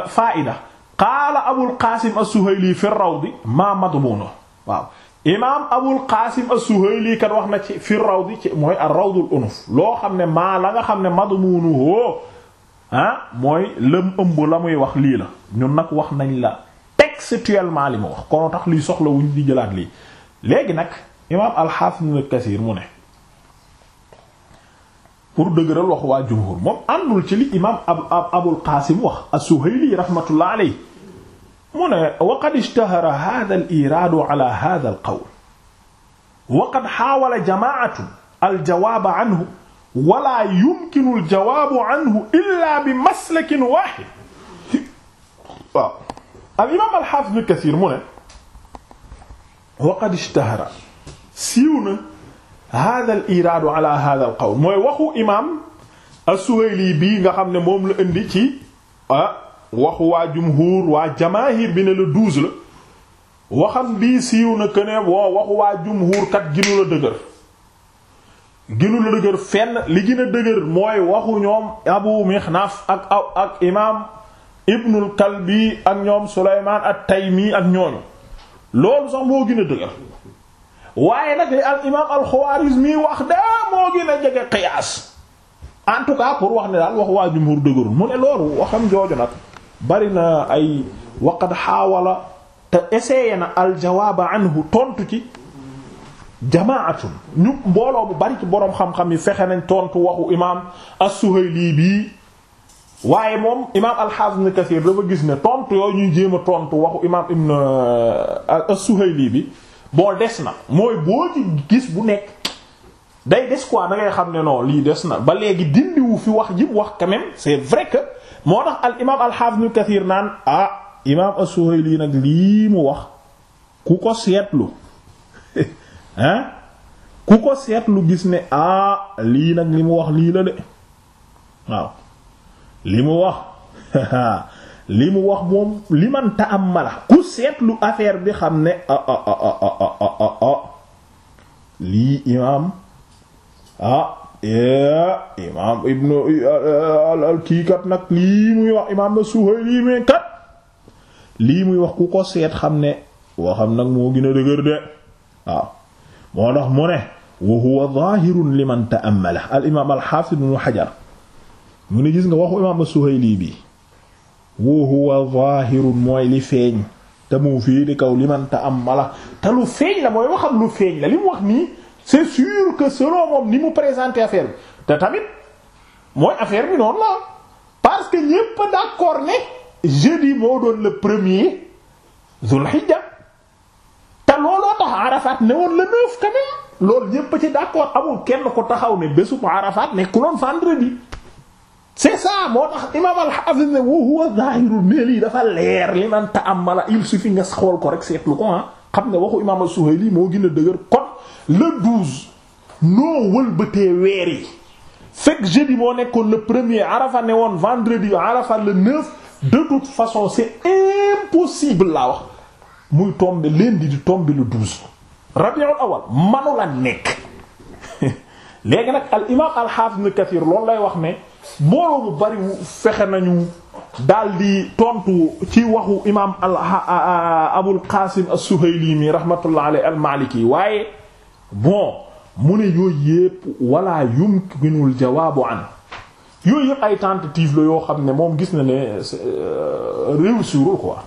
faida qaala Abul Qaasim as-Suhayli fi rawdi ma madmuno waaw imaam Abul Qaasim as-Suhayli kat wax na ci fi rawdi ci mooy ar-rawdul loo xam ne maa la nga xam ne madmunuhu ah mooy lëm ëmb la muy wax lii la ñun nag wax nañ la textuellement li mu wax kon tax liy soxla wuñ di jëlaat lii léegi nag imaam al-Hafiz Ibn mu ne pour dëgëral wax waa jumhur moom ci li imaam ab ab wax as-Suhayli rahmatullah mu ne waqad ishtahara hadha al iraadu ala hadha al qawl waqad xaawala jamaatu aljawaaba anhu wala yumkinu aljawaabu anhu illa bi maslakin waaxid waaw alimaam alxaafis ibn kasiir mu ne waqad ishtahara siiw na hada al iraadu ala hada al qawl mooy waxu imaam assuhayli bii nga xam ne moom la indi ci ah waxu waa jumhur waa jamaahir bi ne la douze la waxam bii siiw na que ne boo waxu waa jumhur ginu la dëgër ginu la dëgër fenn li gën a dëgër mooy waxu ñoom Abu Mixnaf ak ak ak imaam Ibnul Kalbi ak ñoom Souleymane ak Taymi ak ñooñu loolu sax moo gën a dëgër waaye nag li al imaam al-Xawaarizmi wax daa moo gën a jege qiyaas en pour wax ne daal waxu waa jumhur dëgërul mu ne loolu waxam jooju nag. bari na ay waqad xaawala te essayé na aljawaaba anhu tontu ci jamaatun ñu mbooloo bu bari ci boroom xam-xam yi fexe nañ tontu waxu imaam as-Suhayli bii waaye moom imaam al-Hafiz Ibn Kathir dafa gis ne tontu yooyu ñuy jéem a tontu waxu imaam ibn euh, as-Suhayli bi boo des na mooy boo ci gis bu nekk day des quoi da xam ne non lii des na ba léegi dindiwu fi wax ji wax quand même c'est vrai que moo tax al imaam al-Hafiz Kathir naan ah imaam as-Suhayli nag lii mu wax ku ko seetlu hein ku ko seetlu gis ne ah lii nag li mu wax lii la de waaw li mu wax li mu wax moom li man ta'ammala ku seetlu affaire bi xam ne lii imaam. ah imaam ibnu al kii kat nag lii muy wax imaam na Suhayli mais kat lii muy wax ku ko seet xam ne woo xam nag moo gën a dëgër de ah, moo tax mu ne wa huwa imaam al xaafid ibnu Hajar mu ne imaam na Suhayli bi wa huwa zaahirun mooy li feeñ te mu fii di kaw liman ta'ammala te lu feeñ la mooy waxam lu feeñ la li mu wax nii c'est sûr que selon moom ni mu présenter affaire bi te tamit mooy affaire bi noonu la parce que ñépp d'accord ne jeudi moo doon le premier zulhijja te looloo tax Arafat ne woon la neuf quand même loolu ñépp ci d'accord amul kenn ko taxaw ne bésu Arafat nekkuloon vendredi c'est ça moo tax imam al-Hafiz ne wa huwa zahiru ne lii dafa leer li man ta'ammala il suffit nga xool ko rek seetlu ko ah xam ne waxu imam as-Suhayli moo gën a dëgër kon le douze noo wëlbatee weer yi fekk jeudi moo nekkoon le premier arafa ne woon vendredi arafa le neuf de toute façon c'est impossible laa wax muy tomber lundi di tomber le douze rabiul awal manu la nekk léegi nag al imam al hafiz ibn kathir loolu lay wax ne mbooloo mu bari fexe nañu dal di tontu ci waxu imam al abul qasim as-suhayli mi rahmatullah alayhi al maliki waaye bon mu ne yooyu yépp wala yumkinul jawaabu an yooyu yépp ay tentative la yoo xam ne moom gis na ne euh, réussirul quoi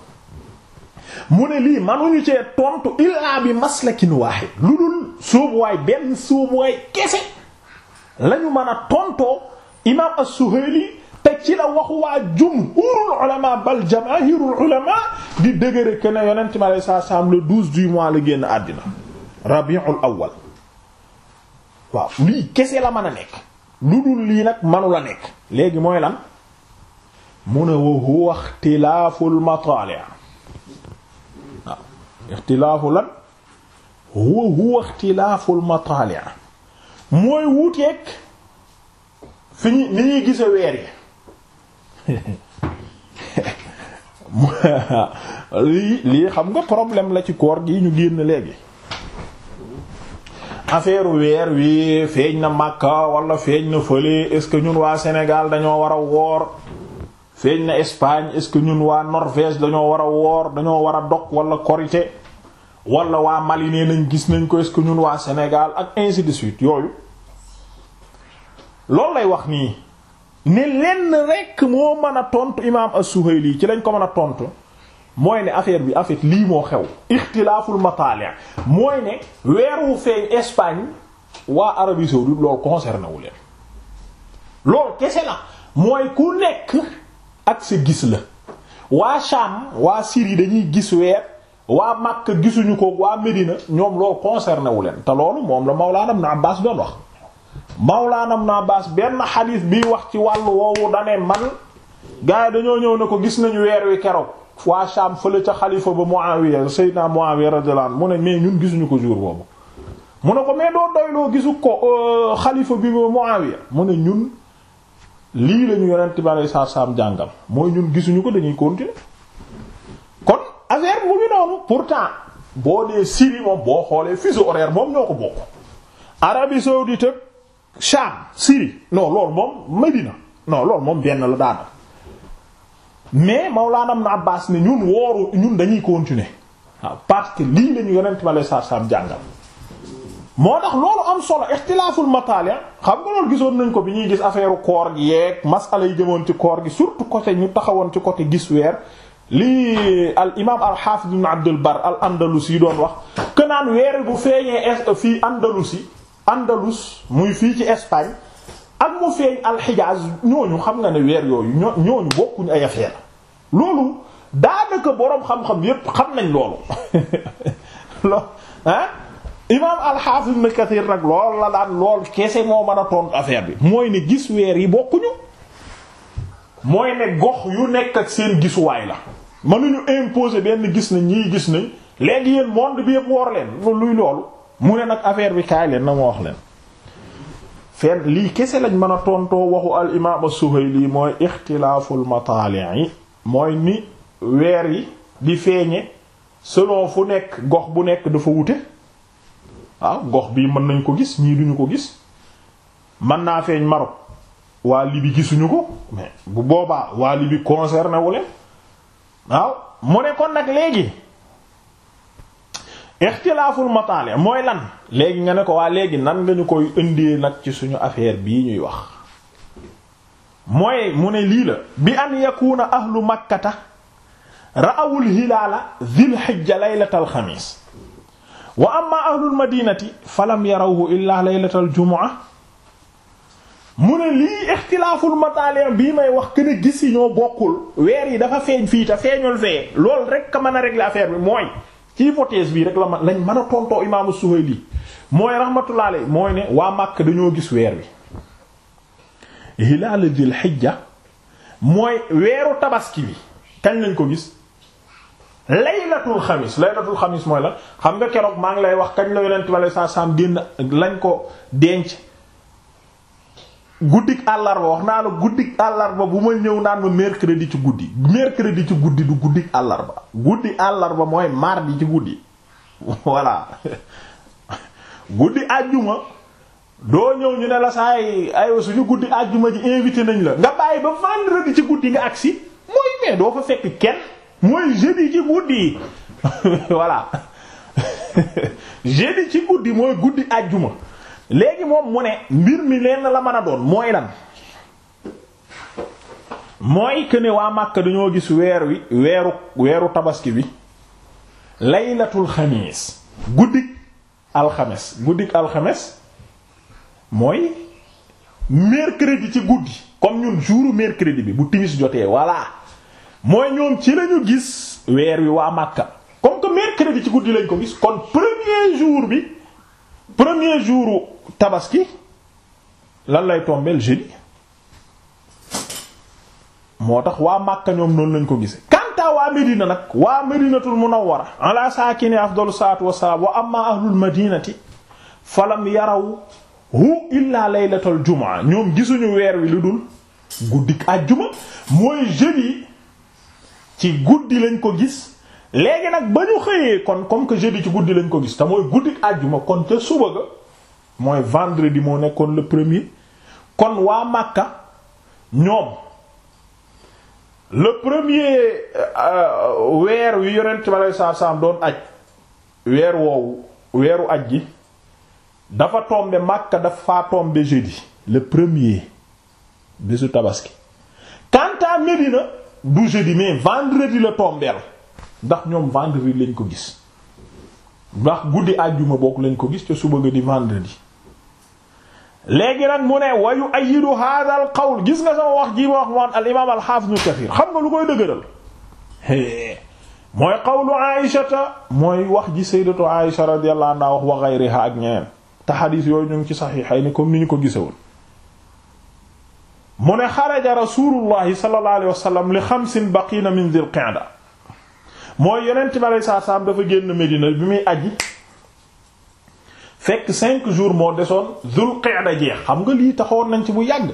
mu ne lii manuñu cee tontu illaa bi maslakin waahid lu dul sóobuwaay benn sóobuwaay kese lañu mën a tontoo imaam as-Suhayli te ci la waxu waa jumhurul ulama bal jamaahirul ulama di dëgëre que ne yonent mi alayhi salaam le 12 du mois la génn àddina rabiul awal waaw lii kese la mën a nekk lu dul lii nag manu la nekk léegi mooy lan mu ne wa huwa ixtilaaful matali' waaw ixtilaafu lan mooy wuuteeg fi ñu ni ñuy gise weer yi lii lii xam nga problème la ci koor gi ñu génn léegi affaire weer wi feeñ na Makka walla feeñ na fële est-ce que ñun waa senegal dañoo war a woor feeñ na Espagne est-ce que ñun waa Norvège dañoo war a woor dañoo war a dog wala korité walla waa Mali nee nañ gis nañ ko est ñun waa senegal ak ainsi de suite yooyu loolu lay wax nii ne lenn rekk moo mën a tontu imaam as-Suhayli ci lañ ko mën a tontu. mooy ne affaire bi en fait lii moo xew ixtilaaful matali mooy ne weer wu feeñ Espagne waa Arabie saoudite loolu concerné wu kese la mooy ku nekk ak sa gis la waa Sham waa Syrie dañuy gis weer waa Makka gisuñu ko waa Medina ñoom loolu concerné wu leen te loolu moom la Mawlaana Ibn Abbaas doon wax Mawlaana na Abbaas benn xadiis bi wax ci wàll woowu dane man gars yi dañoo ñëw ne ko gis nañu weer wi keroog fois Sham fële ca xalifa ba Muawiya Seydina Muawiya radiyallahu anhu mu ne mais ñun gisuñu ko jour boobu mu ne ko mais doo doyloo gisu ko euh, xalifa bi ba Muawiya mu ne ñun lii lañu yonent bi alayhi salaam jàngal mooy ñun gisuñu ko dañuy continuer kon affaire bu ñu noonu pourtant boo dee Syrie moom boo xoolee fuseau horaire moom ñoo ko bokk Arabie saoudite ak Sham Syrie non loolu moom Medina non loolu moom benn la daana mais Mawlana na Abbas ne ñun wooru ñun dañuy continuer waaw parce que lii lañu yonent ma lay sarsam jàngal moo tax loolu am solo ixtilaaful mataali xam nga loolu gisoon nañ ko bi ñuy gis affaire koor gi yeeg masala yi jëmoon ci koor gi surtout côté ñu taxawoon ci côté gis weer lii al imaam al xaafiz ibn Abdul Bar al Andalusi yi doon wax que naan weer bu feeñee fii Andalusi Andalus muy fii ci Espagne. ak mu feeñ alxijaaz ñooñu xam nga ne weer yooyu ñoo ñooñu bokkuñu ay affaire loolu daanaka boroom xam-xam yépp xam nañ loolu lo ah imaam alxaafis ibn Kathir nag lool la daan lool kese moo mën a tontu affaire bi mooy ne gis weer yi bokkuñu mooy ne gox yu nekk ak seen gisuwaay la mënuñu imposer benn gis nañ ñii gis nañ léegi yéen monde bi yépp woor leen luy loolu mu ne nag affaire bi kaay leen na ma wax leen fen lii kese lañ mën a tontoo waxu al imaam as lii mooy ixtilaaful yi mooy ni weer yi di feeñe selon fu nekk gox bu nekk dafa wute waaw gox bii mën nañ ko gis ñii duñu ko gis mën naa feeñ Maroc waa Libye gisuñu ko bu boobaa waa Libye concerné wu waaw mu ne kon nag léegi ixtilaaful mataali mooy lan léegi nga ne ko waa léegi nan nga ñu koy indi nag ci suñu affaire bii ñuy wax mooy mu ne lii la bi an yakuna ahlu makkata ra'awul hilaala dhil hijja laylatal xamiis wa am ahlul madinati falam yarawhu illaa laylatal jumu'a mu ne lii ixtilaaful mataali bii may wax kën a gis yi ñoo bokkul weer yi dafa feeñ fii te feeñul fee loolu rek ka mën a régler affaire bi mooy ci bii rek la man lañ mën a tontoo imaamu Suhayli mooy rahmatullahi alayhi mooy ne waa Makka dañoo gis weer wi hilaal dil hijja mooy weeru tabaski bi kañ lañ ko gis laylatul xamis laylatul xamis mooy la xam nga keroog maa ngi lay wax kañ la yonent bi sallallahu alayhi wasallam génn lañ ko denc guddik àllarba wax naa la guddik àllarba bu ma ñëw naan ma mercredi ci guddi mercredi ci guddi du guddik àllarba guddi àllarba mooy mardi ci guddi voilà guddi ajjuma doo ñëw ñu ne la saay aywa suñu guddi àjjuma ji invité nañ la nga bàyyi ba vendredi ci guddi nga agsi mooy mais doo fa fekk kenn mooy jeudi ci guddi voilà jeudi ci guddi mooy guddi àjjuma léegi moom mu ne mbir mi leen la mën a doon mooy lan mooy que ne waa Màkka dañoo gis weer wi weeru weeru tabaski bi laylatul xamiis guddik alxames guddik alxames mooy mercredi ci guddi comme ñun jouru mercredi bi bu timis jotee voilà mooy ñoom ci lañu gis weer wi waa Màkka comme que mercredi ci guddi lañ ko gis kon premier jour bi premier jour tabaski lan lay tombeel jeudi moo tax waa Makka ñoom noonu lañ ko gise kanta waa Medina nag waa Medinatul Munawwara ala saakini afdalu salaatu wassalaam wa amma ahlul madinati falam yaraw hu illa laylatul jumaa ñoom gisuñu weer wi lu dul guddik àjjuma mooy jeudi ci guddi lañ ko gis léegi nag ba ñu xëyee kon comme que jeudi ci guddi lañ ko gis te mooy guddik àjjuma kon ca suba ga mooy vendredi moo nekkoon le premier kon waa Makka ñoom le premier euh, weer wi yonent bi aleyhi salaatu salaam doon aj weer woowu weeru aj gi dafa tombe Makka dafa tombe jeudi le premier bésu tabaski quant à Médina du jeudi mais vendredi la tombeel ndax ñoom vendredi lañ ko gis ndax guddi àjjuma bokk lañ ko gis te suba nga di vendredi léegi nag mu ne wa yu'ayyidu hadha al gis nga sama wax ji ma wax moon al xam nga lu koy dëgëral mooy qawlu aishata mooy wax ji sayyidatu aisha radiyallahu anha wax wa ghayriha ak ñeneen te xadiis yooyu ñu ngi ci saxiixayni comme ni ñu ko gisewoon mu ne xaraja rasulullahi sallallahu alayhi wasallam li xamsin baqiina min dhil qa'da mooy yonent bi alayhi salaam dafa génn Medina bi muy aji fekk cinq jour moo desoon zul qa'da jeex xam nga lii taxoon nañ ci bu yàgg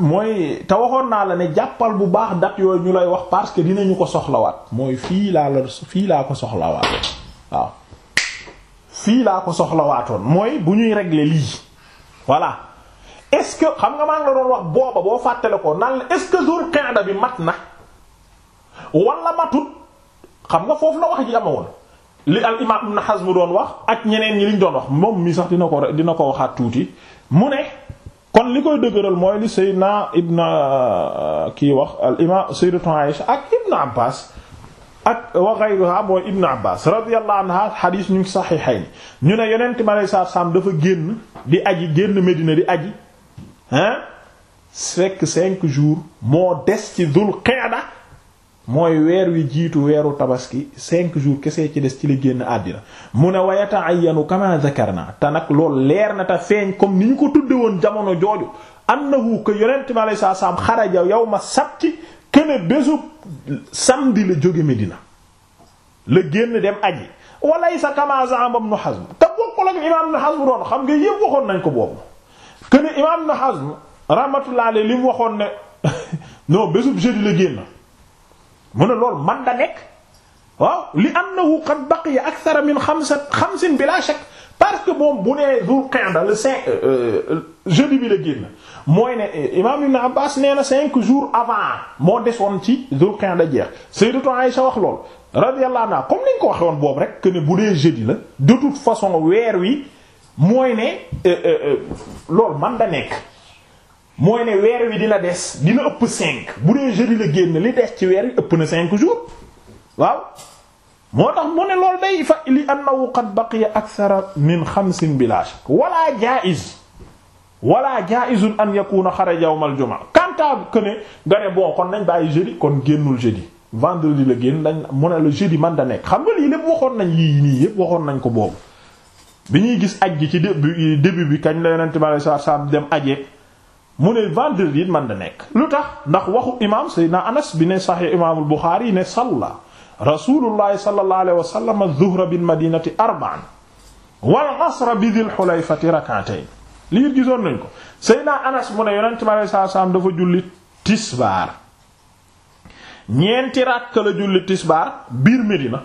mooy te waxoon naa la ne jàppal bu baax date yooyu ñu lay wax parce que dinañu ko soxlawaat mooy fii laa la fii laa ko soxlawaatoon laa ko soxlawaatoon mooy bu ñuy régler lii voilà est-ce que xam nga maa ngi la doon wax booba boo fàttale ko naan la est-ce que zul qa'da bi mat na wala matut xam nga foofu la wax ji amoon li al imaam Ibn Hazm doon wax ak ñeneen ñi liñ doon wax moom mi sax dina ko dina ko waxaat tuuti mu ne kon li koy dëgëral mooy li Seydina Ibn euh, kii wax al imaam Sayyidatuna Aïsha ak Ibn Abbas ak wa ghayruha mooy Ibn Abbas radiyallahu anha xadiis ñu ñu ne yeneen ma lay saa saam dafa génn di aji génn Medina di aji hein fekk cinq jours moo des ci Dul Qa'da mooy weer wi jiitu weeru tabaski cinq jours kese ci des ci la génn àddina mu ne wa yata'ayyanu kama naa te nag lool leer na te feeñ comme ni ñu ko tudde woon jamono jooju am na yonent ko alayhi salaam xaraja yawma sabti kene bésu samedi la jóge Medina la génn dem aji walaysa kama za'ama ibn Hazm te bokkul ak imaam ibn Hazm doon xam nga yëpp waxoon nañ ko boobu kene imaam ibn Hazm rahmatullahi alayhi li waxoon ne non bésu jeudi la génn. mu ne loolu man da nekk waaw li annahu qad baqiya akthara min xamsa xamsin bila shakk parce que moom bu nee Dhoul Qi'da le cinq euh, euh, jeudi bi la génn mooy ne euh, imam Ibn Abbas nee na cinq jours avant moo desoon ci Dhoul Qi'da jeex Sayyidatu Aïsha wax lool radiyallahu anha comme ni ñu ko waxee woon boobu rek que ne bu dee jeudi la de toute façon weer wi mooy ne loolu man da nekk mooy ne weer wi dina des dina ëpp cinq bu dee jeudi la génn li des ci weer wi ëpp na cinq jours waaw moo tax mu ne loolu day fa li annahu qad baqiya akthara min xamsin bila shak wala jaiz wala jaizun an yakuna xaraja yawm al jumaa kantaab que ne nga ne bon kon nañ bàyyi jeudi kon génnul jeudi vendredi la génn dañ mu ne la jeudi man da nekk xam nga lii lépp waxoon nañ yii nii yépp waxoon nañ ko boobu bi ñuy gis aj gi ci début début bi kañ la yonente bi sallallahu alayhi dem ajeek mu ne vendredi it man da nekk lu tax ndax waxu imam sayyidina anas bi ne sahih imaamul buxaari yi ne salla rasulullahi sallallahu alayhi wa sallam az-zuhra bil madinati arba'an wal asra bi dhil hulayfati rak'atayn lii gisoon nañ ko sayyidina anas mu ne yonent bi alayhi salaam dafa julli tisbaar ñeenti ràkk la julli tisbaar biir Medina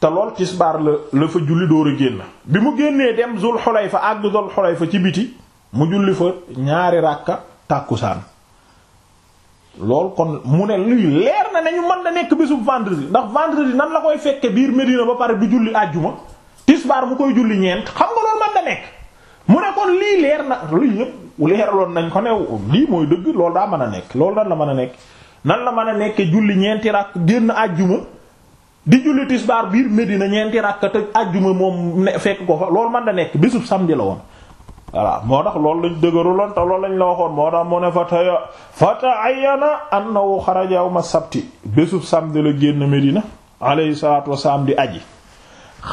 te lool tisbaar la la fa julli door a génn bi mu génnee dem zul xulayfa àgg zul xulayfa ci biti mu julli fa ñaari ràkka tàkkusaan lool kon mu ne luy leer na ne ñu mën na nekk bésub vendredi ndax vendredi nan la koy fekke biir Medina ba pare du julli àjjuma tisbaar mu koy julli ñeent xam nga loolu mën na nekk mu ne kon lii leer na luy yëpp leeraloon nañ ko ne lii mooy dëgg loolu daa mën a nekk loolu nan la mën a nekk nan la mën a nekke julli ñeenti ràkk génn àjjuma di julli tisbaar biir Medina ñeenti ràkk te àjjuma moom fekk ko fa loolu mën a nekk bésub samedi la woon voilà moo tax loolu lañ dëgëruloon te loolu lañ la waxoon moo tax mu ne fa taya fa ta'ayyana annahu xaraja yawma sabti bésub samedi la génn Medina alayhi salaatu wasalaam di aji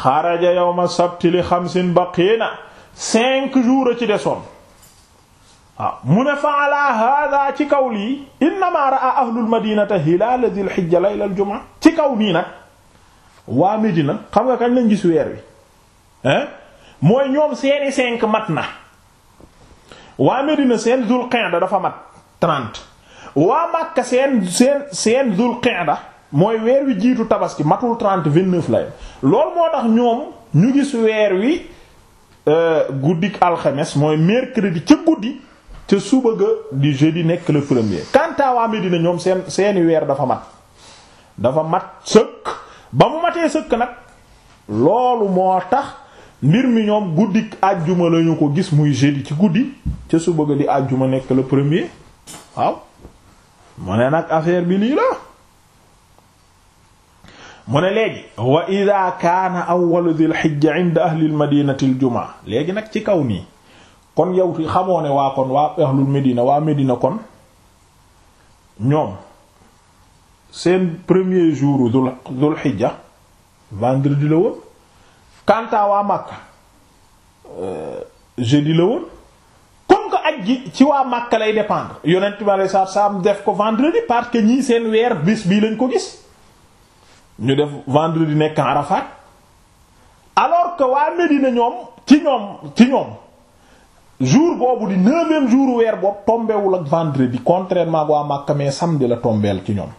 xaraja yawma sabti li xamsin baqiina cinq jours a ci desoon mu ne fa ala hada ci kaw lii innama raa ahlul madinata hilaala dil hijja layla al jumaa ci kaw nii nag waa Medina xam nga kañ lañ gis weer wi mooy ñoom seeni cinq mat na waa Medina seen Dul Qa'da dafa mat trente waa Makka seen seen seen Dul Qa'da mooy weer wi jiitu tabaski matul trent vingt-neuf la yem loolu moo tax ñoom ñu gis weer wi euh, guddik alxemes mooy mercredi ca guddi ca suba ga di jeudi nekk le premier quant à waa Medina ñoom seen seeni weer dafa mat dafa mat sëkk ba mu matee sëkk nag loolu moo tax mbir mi ñoom guddik àjjuma lañu ko gis muy jeudi ci guddi ca su bëgg di àjjuma nekk le premier waaw mu ne nag affaire bi lii la mu ne léegi wa ida kaana awwalu dhil hijja léegi nag ci kaw nii kon yow xamoo ne waa kon kon ñoom seen premier jour dhul dhul hijja la woon kanta waa Makka euh, jeudi la woon comme que aj gi ci waa Makka lay dépendre yonent bi alei satu salaam def ko vendredi parce que ñii seen weer bis bii lañ ko gis ñu def vendredi nekk Arafat alors que waa Médina ñoom ci ñoom ci ñoom jour boobu di neuvième jour weer boobu tombewul ak vendredi contrairement ak waa Makka mais samedi la tombeel ci ñoom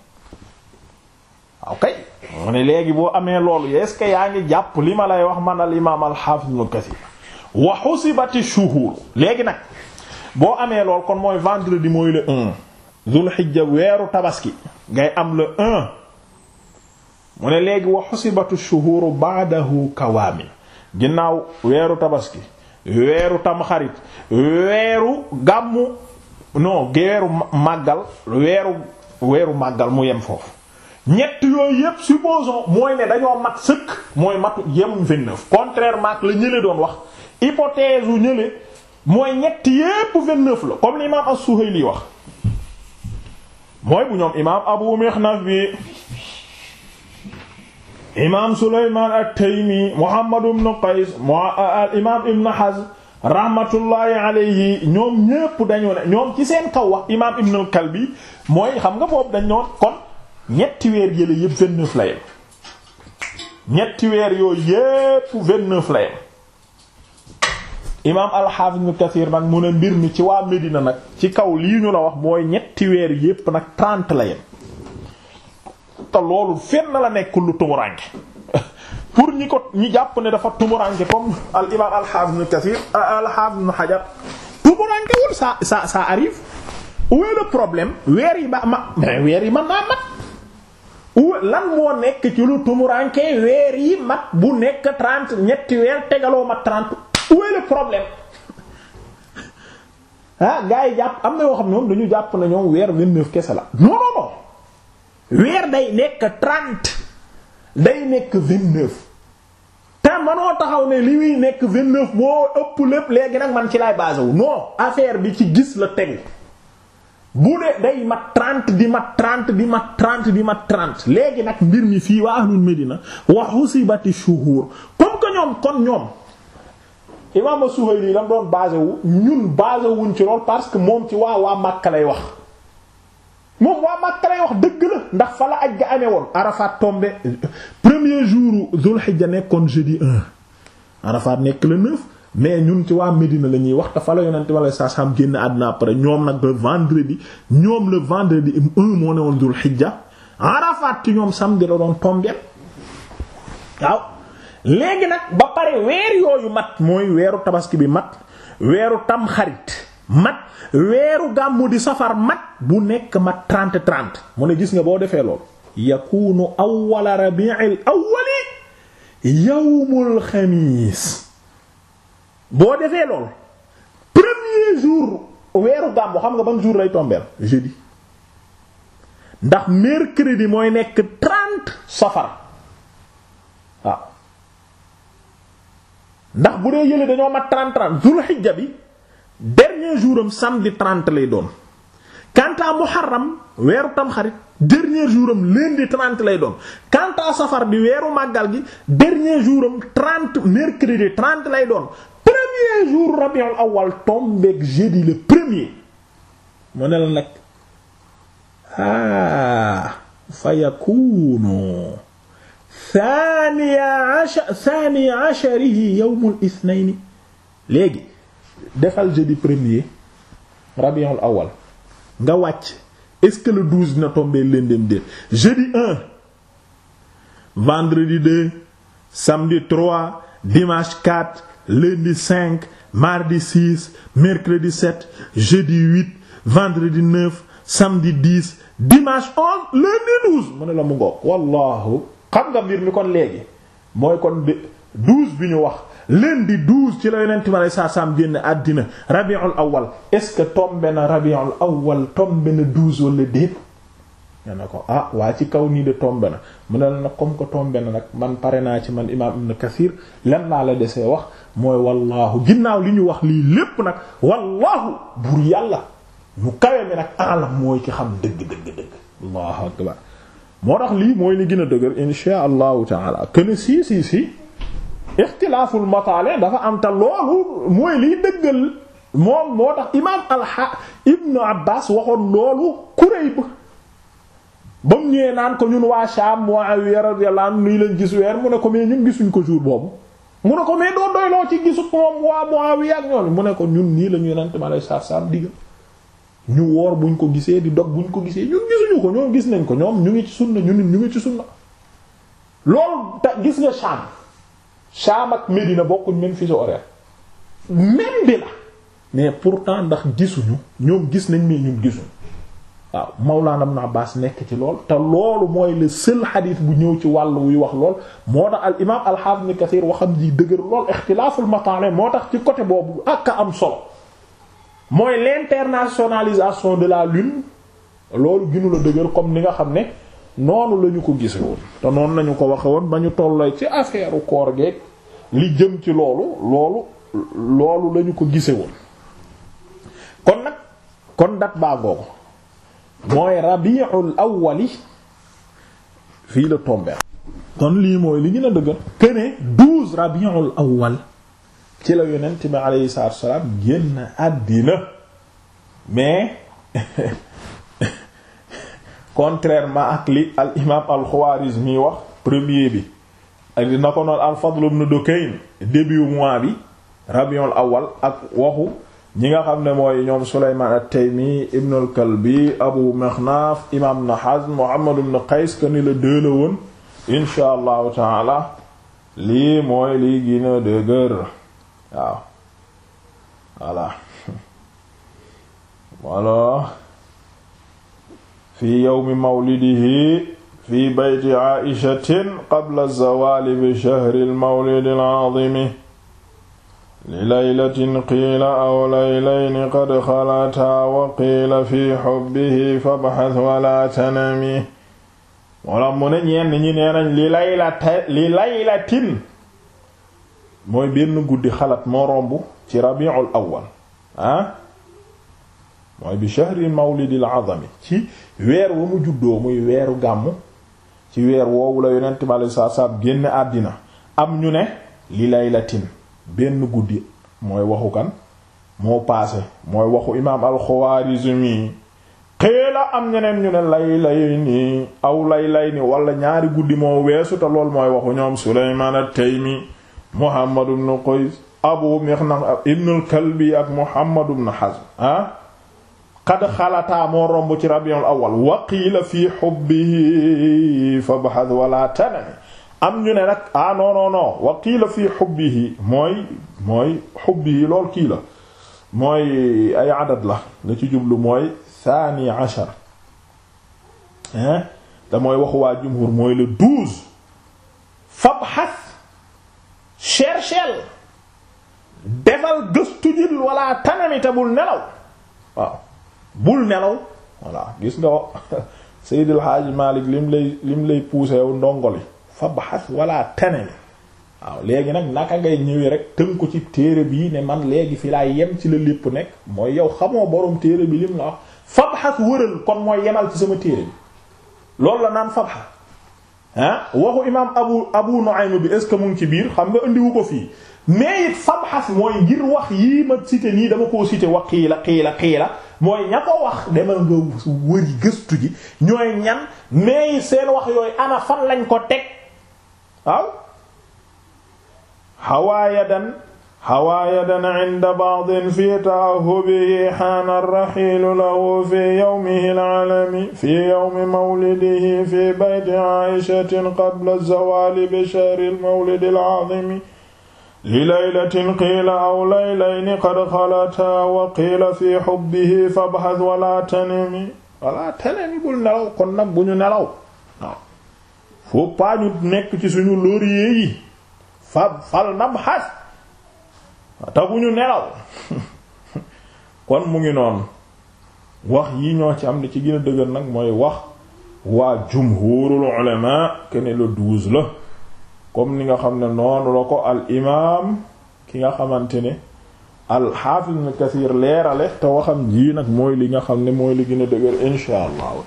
waaw kay mu ne léegi boo amee loolu est ce que yaa ngi jàpp li ma lay wax man al imaam al hafiz ibn kesi wa husibati shuhur léegi nag boo amee lool kon mooy vendredi mooy le un zul hijja weeru tabaski ngay am le un mu ne léegi wa husibatu shuhur ba'dahu kawaamil ginnaaw weeru tabaski weeru tamxarit weeru gàmmu non weeru màggal weeru weeru mu yem foofu ñett yooyu yépp supposons mooy ne dañoo mat sëkk mooy matu yemuñ vingt contrairement la ñële doon wax hypothèse u ñële mooy ñett yépp vingt-neuf la comme l'imam as-Suhayli wax mooy bu ñoom imam Abu Mikhnaf bi imam Sulayman at-Taymi Muhammad ibn Qays al imam Ibn Hazm rahmatullahi alayhi ñoom ñépp dañoo ne ñoom ci seen kaw wax imam Ibn al-Kalbi mooy xam nga foofu dañ noon kon ñetti weer yële yépp vingt-neuf la yem ñetti weer yooyu yépp la yem imaam al-Hafiz Ibn Kathir nag mu ne mbir mi ci waa Medina nag ci kaw lii ñu la wax mooy ñetti weer yépp nag trente la yem te loolu fenn la nekk lu tumuranke pour ñi ko ñi jàpp ne dafa tumuranke comme al imaam al-Hafiz Ibn Kathir euh, al-Hafiz tumuranke wul ça ça ça arrive où est problème weer yi ba ma weer yi man naa mat ou lan moo nekk ci lu tumuranke weer yi mat bu nekk trente ñetti weer tegaloo mat trente où est le problème ah gars yi jàpp am na yoo xam ne moom dañu jàpp na ñoom weer vingt-neuf kese la non non non weer day nekk trente day nekk vingt-neuf te manoo taxaw ne li muy nekk vingt-neuf boo ëpp lépp léegi nag man ci laay basé wu non affaire bi ci gis la tegu bu dee day mat 30 di mat trent di mat 30 di mat trent léegi nag mbir mi fii waa ahlul Medina wa sibati shuhur comme que ñoom kon ñoom imaam Suhayli la doon basé wu ñun basé wuñ ci lool parce que moom ci waa waa Makka lay wax moom waa Makka lay wax dëgg la ndax fa la aj ga amee woon Arafat tombé premier jour Dhul Hijja nekkoon jeudi 1 Arafat nekk le 9 mais ñun ci waa Médina la ñuy wax te fa la yonent bi alayhi salaam génn àddina après ñoom nag le vendredi ñoom le vendredi un moo ne woon dul xijja Arafat ci ñoom samedi la doon tombeel waaw léegi nag ba pare weer yooyu mat mooy weeru tabaski bi mat weeru tamxarit mat weeru gàmmu di safar mat bu nekk mat 30 30 mu ne gis nga boo defee lool yakunu awwala rabi'il awwali yawmul xamiis boo defee lool premier jour weeru gàmmu xam nga ban jour lay tombeel jeudi ndax mercredi mooy nekk trente safar waaw ndax bu dee yële dañoo mat trente trente zul xijja bi dernier jour am samedi trente lay doon quant à muharram weeru tamxarit dernier jour am lundi trente lay doon quant à safar bi weeru màggal gi dernier jour am trente mercredi trente lay doon premier jour rabiul awal tombeeg jeudi le ah, léegi defal jeudi premier rabiul awal nga wàcc est-ce que le douze dina tombé lendem déet jeudi un vendredi deux samedi trois dimanche quatre lundi 5 mardi 6 mercredi 7 jeudi 8 vendredi 9 samedi 10 dimanche 11 lundi 12 mu ne la mu ngoog wallahu xam nga mbir mi kon léegi mooy kon 12 bi ñu wax lundi 12 ci la yonent ma lay saa saam génn àddina rabiul awal est ce que tombe na rabiul awal tombe na 12 wala déet ñu ne ko ah waa ci kaw nii de tombe na mu ne la nag comme que tombe na nag man pare naa ci man imaam ibn Kathir lan laa la desee wax mooy wallaahu ginnaaw li ñu wax lii lépp nag wallaahu buur yàlla mu kawe mi nag xam moo tax lii mooy li gën a dëgër insha allahu si si si ixtilaaful mataale dafa am te loolu mooy liy ba mu ñëwee naan ko ñun waa Sham Muawiya radiyallahu anhu nii lañ gis weer mu ne ko mais ñun gisuñ ko jour boobu mu ne ko mais doo doyloo ci gisu moom waa Muawiya ak ñoom mu ne ko ñun nii la ñu yonent ma lay saar-saam digga ñu woor buñ ko gisee di dog buñ ko gisee ñun gisuñu ko ñoom gis nañ ko ñoom ñu ngi ci sunna ñun ñu ngi ci sunna loolu ta gis nga Sham Sham ak Médina bokkuñ même fuseau horaire même bi la mais pourtant ndax gisuñu ñoom gis nañ mais ñun gisuñu waaw Mawlana Ibn baas nekk ci lool te loolu mooy le seul xadiis bu ñëw ci wàll wuy wax lool moo tax al imaam al-Hafiz Ibn Kathir waxam ji dëgër lool ixtilaaful mataalim moo tax ci côté boobu ak am solo mooy l'internationalisation de la lune loolu ginu la dëgër comme ni nga xam ne noonu la ñu ko gise woon te noonu lañu ko waxee woon ba ñu tolloo ci affaire koor geeg li jëm ci loolu loolu loolu la ko gise woon kon nag kon dat baa googu mooy rabiul awwali fii la tomber kon lii mooy li gën a dëgër këne douze awwal ci la yonent bi aleyhi salaatu wasalaam génn àddina mais contrairement ak li al imaam al Xawaarizmi wax premier bi ak dina ko noon al Fadl ibn Dukayn début mois bi rabiul awwal ak waxu ñi nga xam ne mooy ñoom Sulaymaan at-Taymi ibn al-Kalbi Abu Mikhnaf imam na Hazm Muhammad ibn Qays que ni la dëla woon insha allahu taala lii mooy lii gina dëgër waaw voilà voilà fi yawmi mawlidihi fi bayti Aishatin qabla az-zawali bi shahri al-mawlid al-azim li laylatin qiila aw laylayni qad xalataa wa qiila fi xubbihi fabxas wala tanami wala mu ne ñenn ñi nee nañ li laylatin mooy benn guddi xalat moo romb ci rabiul awwal ah? mooy bi shahri mawlidil azami ci weer wu mu juddoo muy weeru gàmm ci weer woowu la yonent bi génn àddina am ñu ne li laylatin benn guddi mooy waxu kan moo paase mooy waxu imaam al-Xawarizmi am ñeneen ñu ne lay nii aw lay lay ni wala ñaari guddi moo weesu te lool mooy waxu ñoom Sulaymaan at-Taymi Muhammad ibn Qays Abu Mixnaf ibn kalbi ak Muhammad ibn Hazm ah? xalataa moo romb ci Rabiul Awwal wa qiila fii hubbihi fabhas wala tanami am ñu ne nag ah non non non wa qiila fii hubbihi mooy mooy hubbihi lool kii la mooy ay adad la la ci jublu mooy thani ashar hein mooy waxu waa jumhur mooy le douze fabhas cherchel defal gëstu jil wala tanamita bul nelaw bul nelaw voilà gis nga Seydil Hadji Malick lim lay lim lay poussé wu ndongoli fabhas wala tane waaw léegi nag naka ngay ñëwee rek ko ci téere bii ne man léegi fi laa yem ci la lépp nekk mooy yow xamoo boroom téere bi lim la wax fabhas wëral kon mooy yemal ci sama téere bi loolu la naan fabhas ah waxu imaam abu abu Nu'aym bi est ce que mu ci biir xam nga indiwu ko fii mais it fabhas mooy ngir wax yii ma cité nii dama koo cité wax xiila xiila xiila mooy ña ko wax demal nga wëri gëstu ji ñooy ñan mais seen wax yooyu ana fan lañ ko teg. waaw hawaayadan hawaayadan inda ba'din fi ta'ahubihi haana ar-rahiilu lahu fi yawmihi al-alami fi yawmi mawlidihi fi bayti Aa'ishatin qabla az-zawaali bi shahri al-mawlidi al-'aazimi li laylatin qiila aw laylayni qad xalataa wa qiila fi hubbihi fabhas walaa tanami walaa tanami bul nelaw kon nag bu ñu nelaw faut ñu nekk ci suñu lauriers yi fa fal nam xas taguñu nelaw kon mu ngi noonu wax yi ñoo ci am ne ci gën a dëgër nag mooy wax waa jumhurul ulama kene le douze la kom ni nga xam ne noonu la ko al imaam ki nga xamante ne al hafiz ibn kathir leerale te waxam ji nag mooy li nga xam ne mooy li gën a dëgër insha allah